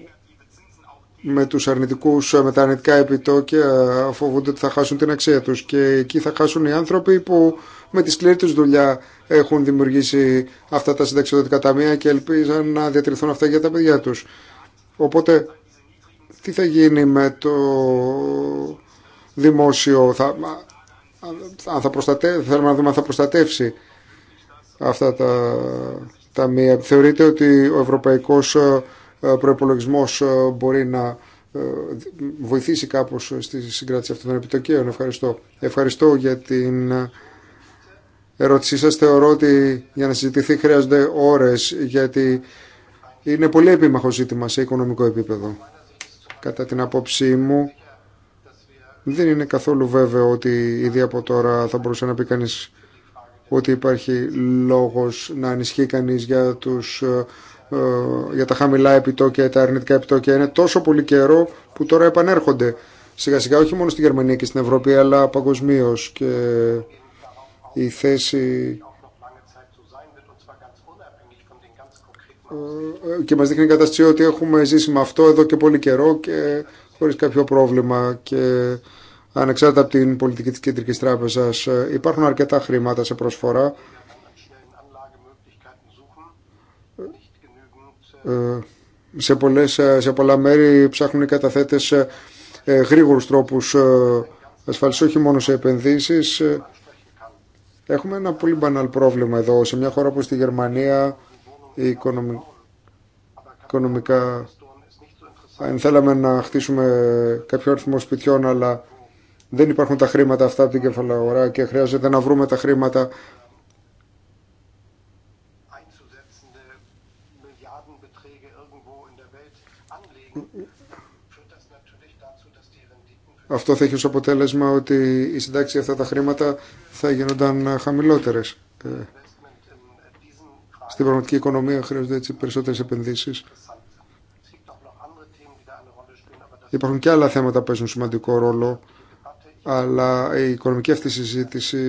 με, τους αρνητικούς, με τα αρνητικά επιτόκια φοβούνται ότι θα χάσουν την αξία τους και εκεί θα χάσουν οι άνθρωποι που με τη σκληρή τους δουλειά έχουν δημιουργήσει αυτά τα συνταξιοδοτικά ταμεία και ελπίζαν να διατηρηθούν αυτά για τα παιδιά τους. Οπότε τι θα γίνει με το δημόσιο, θα, αν θα προστατεύσει, θέλουμε να δούμε αν θα προστατεύσει αυτά τα μία. Θεωρείτε ότι ο ευρωπαϊκός ε, ε, προϋπολογισμός ε, μπορεί να βοηθήσει κάπως στη συγκράτηση αυτών των επιτοκίων. Ευχαριστώ. Ευχαριστώ για την ερώτησή σας. Θεωρώ ότι για να συζητηθεί χρειάζονται ώρες γιατί είναι πολύ επίμαχο ζήτημα σε οικονομικό επίπεδο. Κατά την απόψή μου δεν είναι καθόλου βέβαιο ότι ήδη από τώρα θα μπορούσε να πει κανεί ότι υπάρχει λόγος να ανισχύει κανεί για, τους, ε, ε, για τα χαμηλά επιτόκια, τα αρνητικά επιτόκια. Είναι τόσο πολύ καιρό που τώρα επανέρχονται σιγά σιγά όχι μόνο στη Γερμανία και στην Ευρώπη αλλά παγκοσμίω και η θέση ε, και μας δείχνει η κατάσταση ότι έχουμε ζήσει με αυτό εδώ και πολύ καιρό και χωρίς κάποιο πρόβλημα και ανεξάρτητα από την πολιτική της Κεντρικής Τράπεζας ε, υπάρχουν αρκετά χρήματα σε προσφορά. Ε, σε, πολλές, ε, σε πολλά μέρη ψάχνουν οι καταθέτες γρήγορους τρόπους ασφαλής όχι μόνο σε επενδύσεις. Έχουμε ένα πολύ μπανάλ πρόβλημα εδώ. Σε μια χώρα όπως τη Γερμανία η οικονομικά αν θέλαμε να χτίσουμε κάποιο αριθμό σπιτιών, αλλά δεν υπάρχουν τα χρήματα αυτά από την κεφαλαγορά και χρειάζεται να βρούμε τα χρήματα Αυτό θα έχει ως αποτέλεσμα ότι η συντάξη αυτά τα χρήματα θα γίνονταν χαμηλότερες. Ε, στην πραγματική οικονομία χρειάζονται έτσι περισσότερες επενδύσεις. Υπάρχουν και άλλα θέματα που παίζουν σημαντικό ρόλο, αλλά η οικονομική αυτή συζήτηση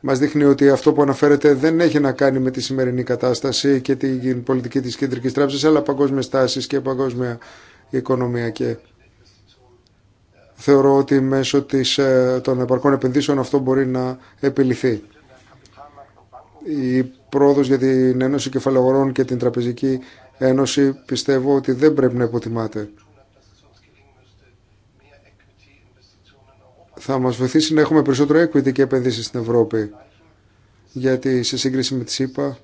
μας δείχνει ότι αυτό που αναφέρεται δεν έχει να κάνει με τη σημερινή κατάσταση και την πολιτική της Κεντρικής Τράπεζας, αλλά παγκόσμιες τάσεις και παγκόσμια οικονομία και θεωρώ ότι μέσω της, ε, των επαρκών επενδύσεων αυτό μπορεί να επιληθεί πρόοδος για την Ένωση Κεφαλαγορών και την Τραπεζική Ένωση πιστεύω ότι δεν πρέπει να υποτιμάται. Θα μας βοηθήσει να έχουμε περισσότερο equity και επενδύσεις στην Ευρώπη. Γιατί σε σύγκριση με τη ΣΥΠΑ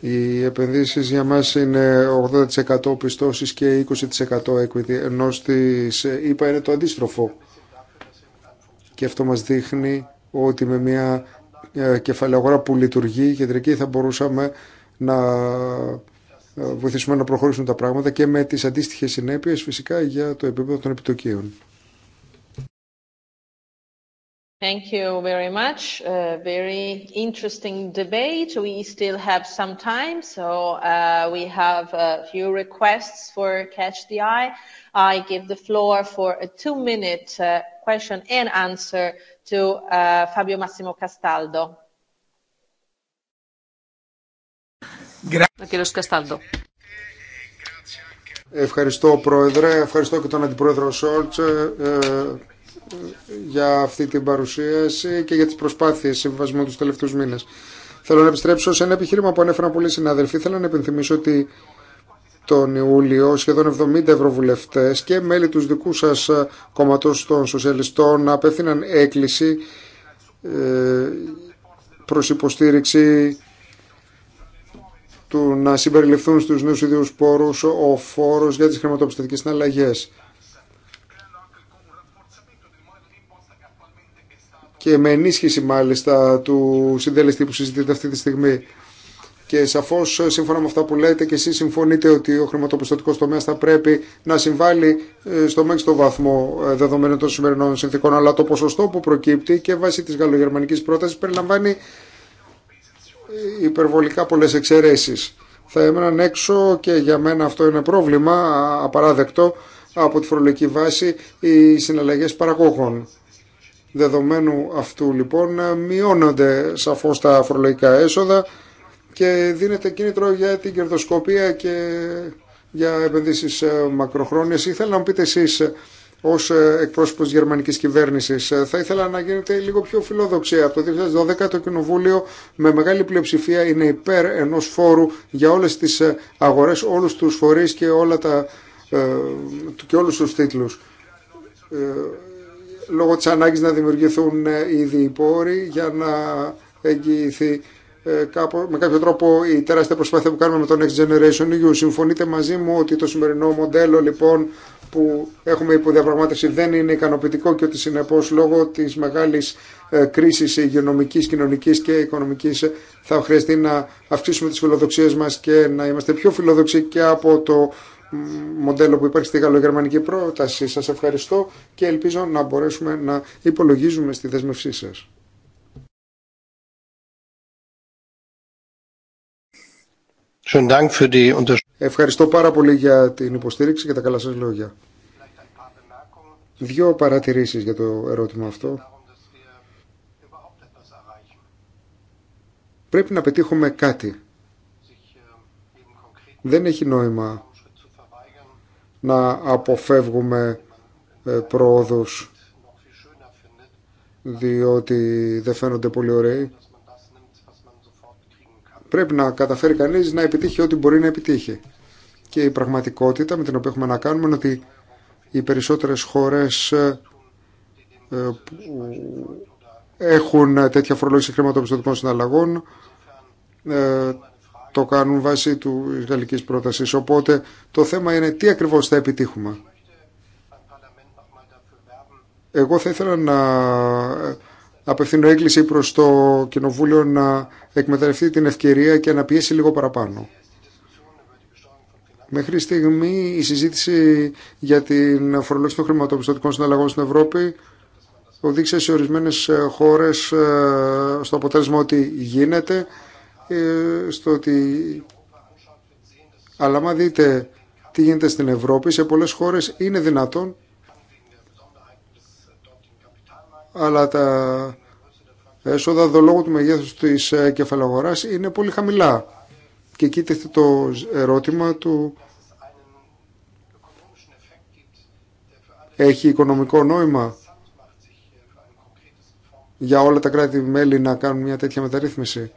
οι επενδύσεις για μας είναι 80% πιστώσεις και 20% equity. Ενώ στη ΕΠΑ είναι το αντίστροφο. Και αυτό μας δείχνει ότι με μια κεφαλαιογορά που λειτουργεί κεντρική θα μπορούσαμε να βοηθήσουμε να προχωρήσουν τα πράγματα και με τις αντίστοιχες συνέπειες φυσικά για το επίπεδο των επιτοκίων. Thank you very much. Uh, very interesting debate. We still have some time, so uh, we have a few requests for Catch the Eye. I give the floor for a two-minute uh, question and answer to eh, Fabio Massimo Castaldo. Ευχαριστώ Πρόεδρε, ευχαριστώ και τον Αντιπρόεδρο Σόλτ ε, ε, για αυτή την παρουσίαση και για τις προσπάθειες συμβασμού τους τελευταίους μήνες. Θέλω να επιστρέψω σε ένα επιχείρημα που ανέφεραν πολλοί συνάδελφοι. Θέλω να επενθυμίσω ότι τον Ιούλιο σχεδόν 70 ευρωβουλευτές και μέλη του δικού σας ε, κόμματος των σοσιαλιστών απέθυναν έκκληση ε, προς υποστήριξη του να συμπεριληφθούν στους νέους ιδίους πόρους ο φόρος για τις χρηματοπιστωτικές συναλλαγές. Και με ενίσχυση μάλιστα του συντελεστή που συζητείται αυτή τη στιγμή. Και σαφώ, ε, σύμφωνα με αυτά που λέτε, και εσεί συμφωνείτε ότι ο χρηματοπιστωτικό τομέα θα πρέπει να συμβάλλει ε, στο μέγιστο βαθμό ε, δεδομένων των σημερινών συνθήκων. Αλλά το ποσοστό που προκύπτει και βάσει τη γαλλογερμανική πρόταση περιλαμβάνει υπερβολικά πολλέ εξαιρέσει. Θα έμεναν έξω και για μένα αυτό είναι πρόβλημα, απαράδεκτο, από τη φορολογική βάση οι συναλλαγέ παραγόγων. Δεδομένου αυτού λοιπόν μειώνονται σαφώς τα φορολογικά έσοδα και δίνεται κίνητρο για την κερδοσκοπία και για επενδύσεις ε, μακροχρόνιες. Ήθελα να μου πείτε εσείς ε, ως ε, εκπρόσωπος γερμανικής κυβέρνησης θα ήθελα να γίνετε λίγο πιο φιλοδοξία. Από το 2012 το Κοινοβούλιο με μεγάλη πλειοψηφία είναι υπέρ ενός φόρου για όλες τις αγορές, όλους τους φορείς και, όλα τα, και όλους τους τίτλους λόγω της ανάγκης να δημιουργηθούν ήδη οι πόροι για να εγγυηθεί ε, με κάποιο τρόπο η τεράστια προσπάθεια που κάνουμε με το Next Generation EU. Συμφωνείτε μαζί μου ότι το σημερινό μοντέλο λοιπόν που έχουμε υποδιαπραγμάτευση δεν είναι ικανοποιητικό και ότι συνεπώς λόγω της μεγάλης ε, κρίσης υγειονομικής, κοινωνικής και οικονομικής θα χρειαστεί να αυξήσουμε τις φιλοδοξίες μας και να είμαστε πιο φιλοδοξοί και από το μοντέλο που υπάρχει στη γαλλογερμανική πρόταση. Σας ευχαριστώ και ελπίζω να μπορέσουμε να υπολογίζουμε στη δέσμευσή σας. Ευχαριστώ πάρα πολύ για την υποστήριξη και τα καλά σας λόγια. Δύο παρατηρήσεις για το ερώτημα αυτό. Πρέπει να πετύχουμε κάτι. Δεν έχει νόημα να αποφεύγουμε ε, πρόοδους διότι δεν φαίνονται πολύ ωραίοι. Πρέπει να καταφέρει κανεί να επιτύχει ό,τι μπορεί να επιτύχει. Και η πραγματικότητα με την οποία έχουμε να κάνουμε είναι ότι οι περισσότερες χώρες ε, ε, που έχουν τέτοια φορολόγηση χρηματοπιστωτικών συναλλαγών ε, το κάνουν βάσει του γαλλική πρότασης. Οπότε το θέμα είναι τι ακριβώς θα επιτύχουμε. Εγώ θα ήθελα να απευθύνω έκκληση προς το Κοινοβούλιο να εκμεταλλευτεί την ευκαιρία και να πιέσει λίγο παραπάνω. Μέχρι στιγμή η συζήτηση για την φορολόγηση των χρηματοπιστωτικών συναλλαγών στην Ευρώπη οδήγησε σε ορισμένες ε, χώρες ε, στο αποτέλεσμα ότι γίνεται, ε, στο ότι... Αλλά μα δείτε τι γίνεται στην Ευρώπη, σε πολλές χώρες είναι δυνατόν αλλά τα έσοδα λόγω του μεγέθους της ε, κεφαλαγοράς είναι πολύ χαμηλά. Και εκεί τίθεται το ερώτημα του έχει οικονομικό νόημα για όλα τα κράτη-μέλη να κάνουν μια τέτοια μεταρρύθμιση.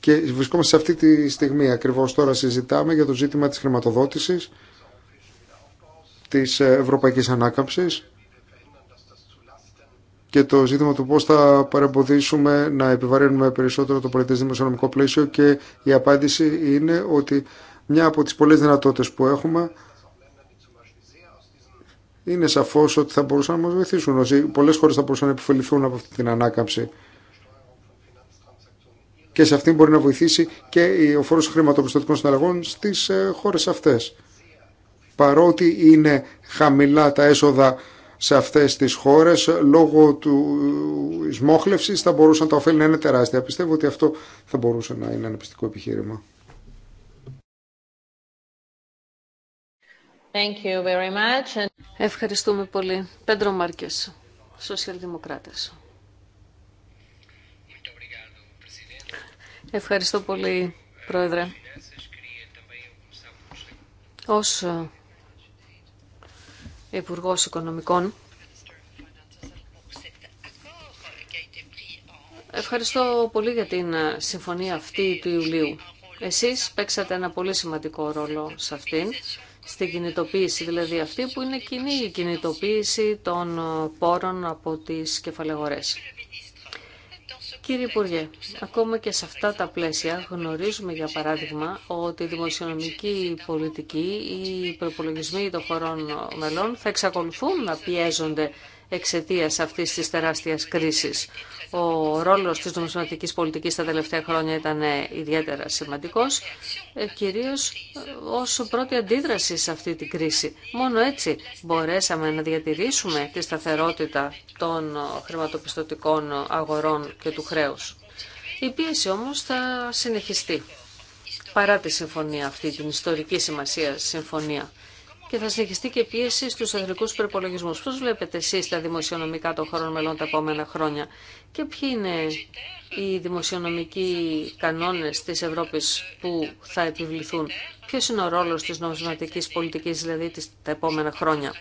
Και βρισκόμαστε σε αυτή τη στιγμή. Ακριβώς τώρα συζητάμε για το ζήτημα της χρηματοδότησης, της ε, ευρωπαϊκής ανάκαμψης και το ζήτημα του πώ θα παρεμποδίσουμε να επιβαρύνουμε περισσότερο το πολιτιστικο δημοσιονομικό πλαίσιο και η απάντηση είναι ότι μια από τις πολλές δυνατότητες που έχουμε είναι σαφώς ότι θα μπορούσαν να μας βοηθήσουν. πολλές χώρες θα μπορούσαν να επιφεληθούν από αυτή την ανάκαμψη και σε αυτήν μπορεί να βοηθήσει και ο φόρος χρηματοπιστωτικών συναλλαγών στις ε, χώρες αυτές. Παρότι είναι χαμηλά τα έσοδα σε αυτές τις χώρες λόγω του μόχλευσης θα μπορούσαν τα ωφέλη να είναι τεράστια. Πιστεύω ότι αυτό θα μπορούσε να είναι ένα πιστικό επιχείρημα. Thank you very much. Ευχαριστούμε πολύ. Πέντρο Μάρκε, Σοσιαλδημοκράτες. Ευχαριστώ πολύ, Πρόεδρε. Ως Υπουργό Οικονομικών. Ευχαριστώ πολύ για την συμφωνία αυτή του Ιουλίου. Εσείς παίξατε ένα πολύ σημαντικό ρόλο σε αυτήν, στην κινητοποίηση δηλαδή αυτή που είναι κοινή η κινητοποίηση των πόρων από τις κεφαλαγορές. Κύριε Υπουργέ, ακόμα και σε αυτά τα πλαίσια γνωρίζουμε για παράδειγμα ότι η δημοσιονομική πολιτική, οι προπολογισμοί των χωρών μελών θα εξακολουθούν να πιέζονται Εξαιτία αυτής της τεράστιας κρίσης. Ο ρόλος της νομισματικής πολιτικής τα τελευταία χρόνια ήταν ιδιαίτερα σημαντικός, ε, κυρίως ως πρώτη αντίδραση σε αυτή την κρίση. Μόνο έτσι μπορέσαμε να διατηρήσουμε τη σταθερότητα των χρηματοπιστωτικών αγορών και του χρέους. Η πίεση όμως θα συνεχιστεί παρά τη συμφωνία αυτή, την ιστορική σημασία συμφωνία και θα συνεχιστεί και πίεση στου εθνικού προπολογισμού. Πώ βλέπετε εσεί τα δημοσιονομικά των χωρών μελών τα επόμενα χρόνια και ποιοι είναι οι δημοσιονομικοί κανόνε τη Ευρώπη που θα επιβληθούν. Ποιο είναι ο ρόλο τη νομισματική πολιτική, δηλαδή τα επόμενα χρόνια.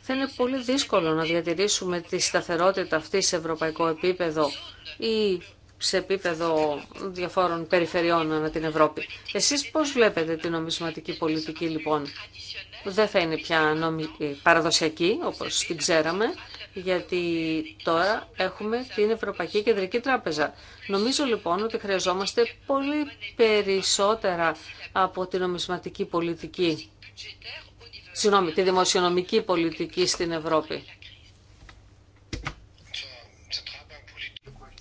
Θα είναι πολύ δύσκολο να διατηρήσουμε τη σταθερότητα αυτή σε ευρωπαϊκό επίπεδο ή σε επίπεδο διαφόρων περιφερειών ανά την Ευρώπη. Εσείς πώς βλέπετε την νομισματική πολιτική λοιπόν. Δεν θα είναι πια νομι... παραδοσιακή όπως την ξέραμε, γιατί τώρα έχουμε την Ευρωπαϊκή Κεντρική Τράπεζα. Νομίζω λοιπόν ότι χρειαζόμαστε πολύ περισσότερα από την νομισματική πολιτική, συγγνώμη, τη δημοσιονομική πολιτική στην Ευρώπη.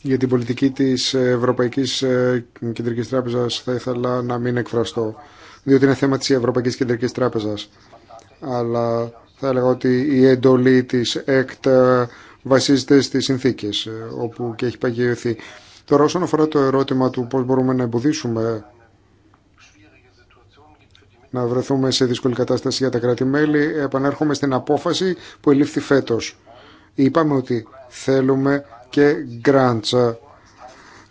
για την πολιτική της Ευρωπαϊκής ε, Κεντρικής Τράπεζας θα ήθελα να μην εκφραστώ, διότι είναι θέμα της Ευρωπαϊκής Κεντρικής Τράπεζας. Αλλά θα έλεγα ότι η εντολή της ΕΚΤ ε, βασίζεται στις συνθήκες ε, όπου και έχει παγιωθεί. Τώρα όσον αφορά το ερώτημα του πώς μπορούμε να εμποδίσουμε να βρεθούμε σε δύσκολη κατάσταση για τα κράτη-μέλη, επανέρχομαι στην απόφαση που ελήφθη φέτος. Είπαμε ότι θέλουμε και grants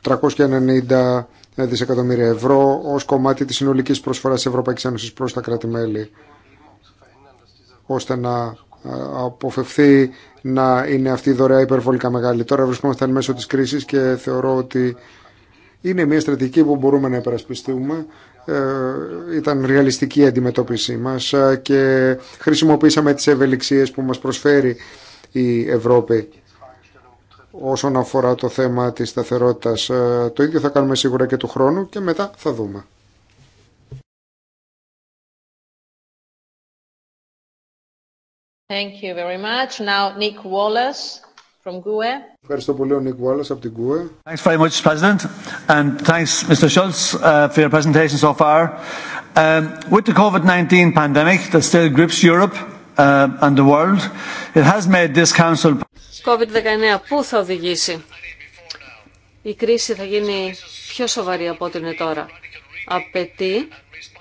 390 ε, δισεκατομμύρια ευρώ ως κομμάτι της συνολικής προσφοράς της Ευρωπαϊκής Ένωσης προς τα κράτη-μέλη ώστε να ε, αποφευθεί να είναι αυτή η δωρεά υπερβολικά μεγάλη. Τώρα βρισκόμαστε εν μέσω της κρίσης και θεωρώ ότι είναι μια στρατηγική που μπορούμε να υπερασπιστούμε. Ε, ήταν ρεαλιστική η αντιμετώπιση μας και χρησιμοποίησαμε τις ευελιξίες που μας προσφέρει η Ευρώπη όσον αφορά το θέμα της σταθερότητας. Το ίδιο θα κάνουμε σίγουρα και του χρόνου και μετά θα δούμε. Thank you very much. Now, Nick Wallace from GUE. Ευχαριστώ πολύ ο Nick Wallace από την GUE. Thanks very much, President, and thanks, Mr. Schultz, uh, for your presentation so far. Um, with the COVID-19 pandemic that still grips Europe, Uh, COVID-19 πού θα οδηγήσει. Η κρίση θα γίνει πιο σοβαρή από ό,τι είναι τώρα. Απαιτεί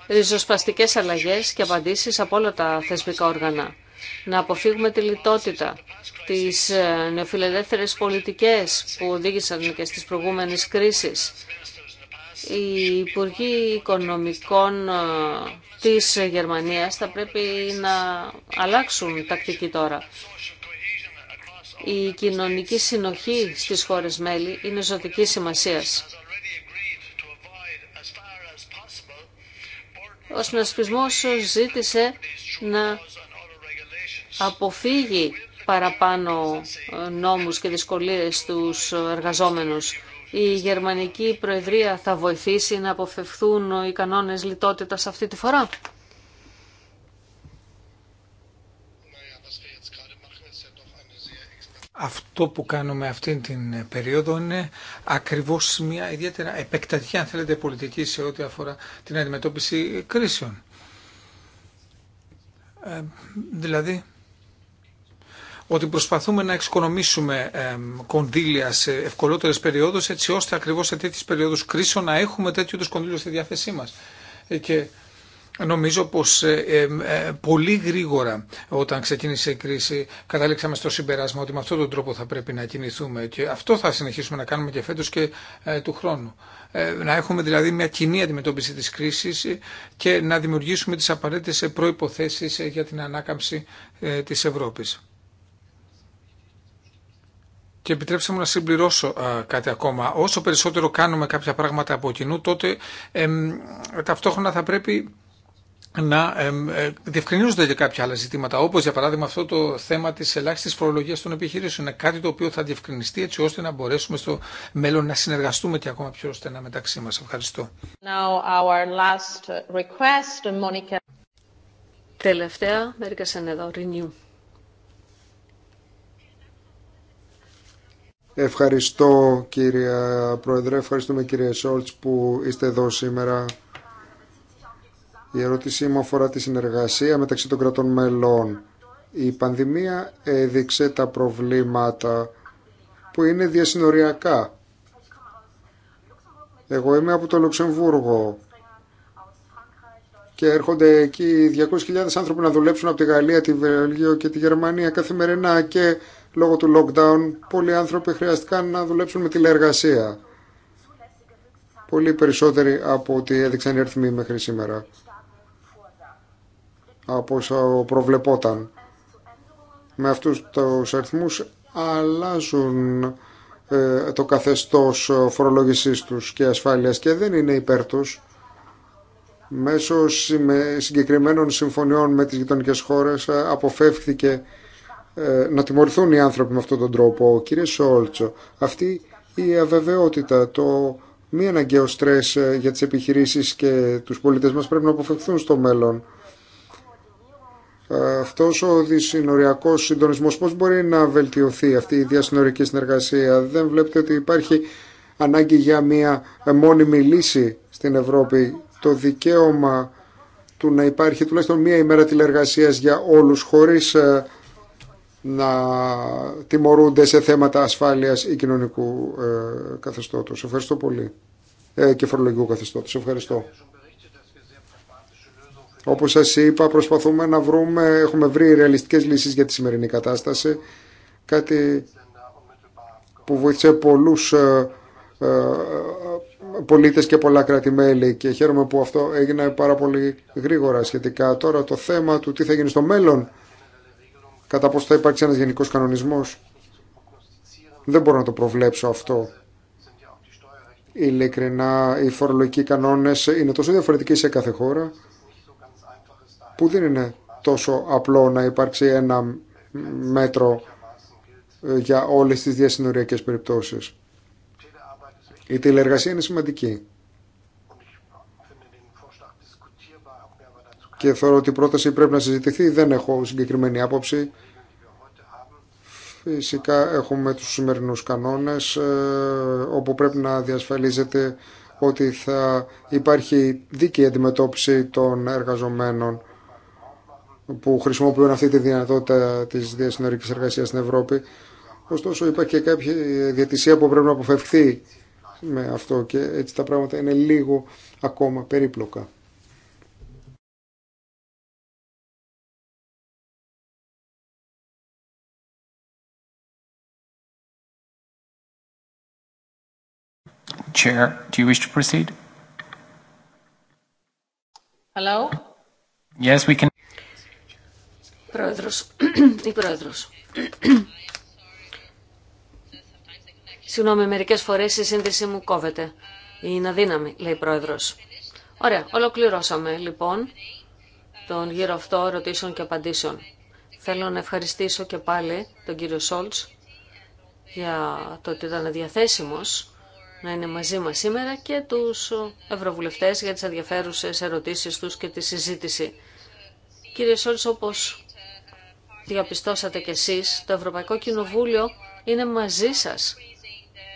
ριζοσπαστικές αλλαγές και απαντήσεις από όλα τα θεσμικά όργανα. Να αποφύγουμε τη λιτότητα, τις ε, νεοφιλελεύθερες πολιτικές που οδήγησαν και στις προηγούμενες κρίσεις οι Υπουργοί Οικονομικών ε, της Γερμανίας θα πρέπει να αλλάξουν τακτική τώρα. Η κοινωνική συνοχή στις χώρες μέλη είναι ζωτική σημασίας. Ο συνασπισμός ζήτησε να αποφύγει παραπάνω νόμους και δυσκολίες στους εργαζόμενους η Γερμανική Προεδρία θα βοηθήσει να αποφευθούν οι κανόνες λιτότητας αυτή τη φορά. Αυτό που κάνουμε αυτή την περίοδο είναι ακριβώς μια ιδιαίτερα επεκτατική, αν θέλετε, πολιτική σε ό,τι αφορά την αντιμετώπιση κρίσεων. Ε, δηλαδή, ότι προσπαθούμε να εξοικονομήσουμε κονδύλια σε ευκολότερε περιόδου, έτσι ώστε ακριβώ σε τέτοιε περιόδου κρίσεων να έχουμε τέτοιου είδου κονδύλια στη διάθεσή μα. Ε, και νομίζω πω ε, ε, πολύ γρήγορα, όταν ξεκίνησε η κρίση, καταλήξαμε στο συμπεράσμα ότι με αυτόν τον τρόπο θα πρέπει να κινηθούμε. Και αυτό θα συνεχίσουμε να κάνουμε και φέτο και του χρόνου. Να έχουμε δηλαδή μια κοινή αντιμετώπιση τη κρίση και να δημιουργήσουμε τι απαραίτητε προποθέσει για την ανάκαμψη τη Ευρώπη. Και επιτρέψτε μου να συμπληρώσω κάτι ακόμα. Όσο περισσότερο κάνουμε κάποια πράγματα από κοινού, τότε ε, ταυτόχρονα θα πρέπει να ε, διευκρινίζονται και κάποια άλλα ζητήματα, όπω για παράδειγμα αυτό το θέμα τη ελάχιστη φορολογία των επιχειρήσεων. Είναι κάτι το οποίο θα διευκρινιστεί έτσι ώστε να μπορέσουμε στο μέλλον να συνεργαστούμε και ακόμα πιο στενά μεταξύ μα. Ευχαριστώ. Now our last request, Monica. Τελευταία, Μερικά εδώ, Renew. Ευχαριστώ κύριε Πρόεδρε, ευχαριστούμε κύριε Σόλτς που είστε εδώ σήμερα. Η ερώτησή μου αφορά τη συνεργασία μεταξύ των κρατών μελών. Η πανδημία έδειξε τα προβλήματα που είναι διασυνοριακά. Εγώ είμαι από το Λουξεμβούργο και έρχονται εκεί 200.000 άνθρωποι να δουλέψουν από τη Γαλλία, τη Βελγία και τη Γερμανία καθημερινά και Λόγω του lockdown, πολλοί άνθρωποι χρειάστηκαν να δουλέψουν με τηλεεργασία. Πολύ περισσότεροι από ό,τι έδειξαν οι αριθμοί μέχρι σήμερα. Από όσο προβλεπόταν. Με αυτούς τους αριθμούς αλλάζουν ε, το καθεστώς φορολόγησής τους και ασφάλειας και δεν είναι υπέρ τους μέσω συγκεκριμένων συμφωνιών με τις γειτονικές χώρες ε, αποφεύχθηκε ε, να τιμωρηθούν οι άνθρωποι με αυτόν τον τρόπο. Κύριε Σόλτσο, αυτή η αβεβαιότητα, το μη αναγκαίο στρες ε, για τις επιχειρήσεις και τους πολίτες μας πρέπει να αποφευχθούν στο μέλλον. Ε, αυτός ο δυσυνοριακός συντονισμός πώς μπορεί να βελτιωθεί αυτή η διασυνορική συνεργασία. Δεν βλέπετε ότι υπάρχει ανάγκη για μια μόνιμη λύση στην Ευρώπη. Το δικαίωμα του να υπάρχει τουλάχιστον μία ημέρα τηλεργασίας για όλους χωρίς να τιμωρούνται σε θέματα ασφάλειας ή κοινωνικού ε, καθεστώτος. Ευχαριστώ πολύ. Ε, και φορολογικού καθεστώτος. Ευχαριστώ. Όπως σας είπα, προσπαθούμε να βρούμε, έχουμε βρει ρεαλιστικές λύσεις για τη σημερινή κατάσταση. Κάτι που βοήθησε πολλούς ε, ε πολίτες και πολλά κράτη-μέλη και χαίρομαι που αυτό έγινε πάρα πολύ γρήγορα σχετικά. Τώρα το θέμα του τι θα γίνει στο μέλλον Κατά πώς θα υπάρξει ένας γενικός κανονισμός. Δεν μπορώ να το προβλέψω αυτό. Ειλικρινά, οι φορολογικοί κανόνες είναι τόσο διαφορετικοί σε κάθε χώρα που δεν είναι τόσο απλό να υπάρξει ένα μέτρο για όλες τις διασυνοριακές περιπτώσεις. Η τηλεργασία είναι σημαντική. και θεωρώ ότι η πρόταση πρέπει να συζητηθεί. Δεν έχω συγκεκριμένη άποψη. Φυσικά έχουμε τους σημερινούς κανόνες ε, όπου πρέπει να διασφαλίζεται ότι θα υπάρχει δίκαιη αντιμετώπιση των εργαζομένων που χρησιμοποιούν αυτή τη δυνατότητα της διασυνορικής εργασίας στην Ευρώπη. Ωστόσο υπάρχει και κάποια διατησία που πρέπει να αποφευχθεί με αυτό και έτσι τα πράγματα είναι λίγο ακόμα περίπλοκα. Chair, Πρόεδρος, Συγγνώμη, μερικές φορές η σύνδεση μου κόβεται. Είναι αδύναμη, λέει η Πρόεδρος. Ωραία, ολοκληρώσαμε λοιπόν τον γύρο αυτό ερωτήσεων και απαντήσεων. Θέλω να ευχαριστήσω και πάλι τον κύριο Σόλτς για το ότι ήταν διαθέσιμος να είναι μαζί μας σήμερα και τους ευρωβουλευτές για τις ενδιαφέρουσες ερωτήσεις τους και τη συζήτηση. Κύριε Σόλτς, όπως διαπιστώσατε κι εσείς, το Ευρωπαϊκό Κοινοβούλιο είναι μαζί σας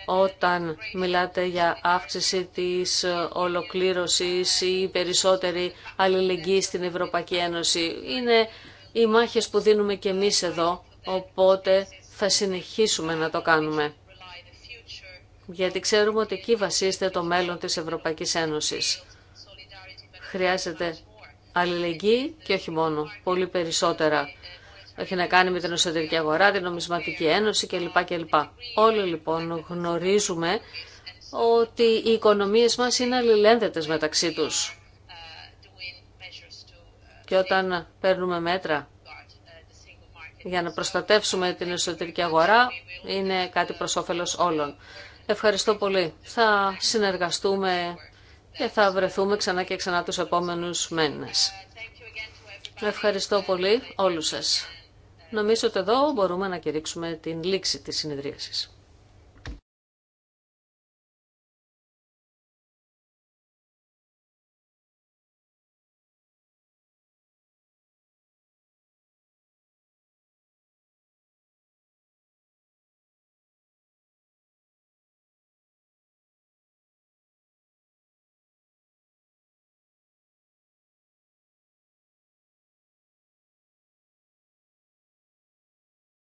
όταν μιλάτε για αύξηση της ολοκλήρωσης ή περισσότερη αλληλεγγύη στην Ευρωπαϊκή Ένωση. Είναι οι μάχες που δίνουμε κι εμείς εδώ, οπότε θα συνεχίσουμε να το κάνουμε γιατί ξέρουμε ότι εκεί βασίζεται το μέλλον της Ευρωπαϊκής Ένωσης. Χρειάζεται αλληλεγγύη και όχι μόνο, πολύ περισσότερα. Έχει να κάνει με την εσωτερική αγορά, την νομισματική ένωση κλπ. κλπ. Όλοι λοιπόν γνωρίζουμε ότι οι οικονομίες μας είναι αλληλένδετες μεταξύ τους. Και όταν παίρνουμε μέτρα για να προστατεύσουμε την εσωτερική αγορά, είναι κάτι προς όφελος όλων. Ευχαριστώ πολύ. Θα συνεργαστούμε και θα βρεθούμε ξανά και ξανά τους επόμενους μένες. Ευχαριστώ πολύ όλους σας. Νομίζω ότι εδώ μπορούμε να κηρύξουμε την λήξη της συνεδρίασης.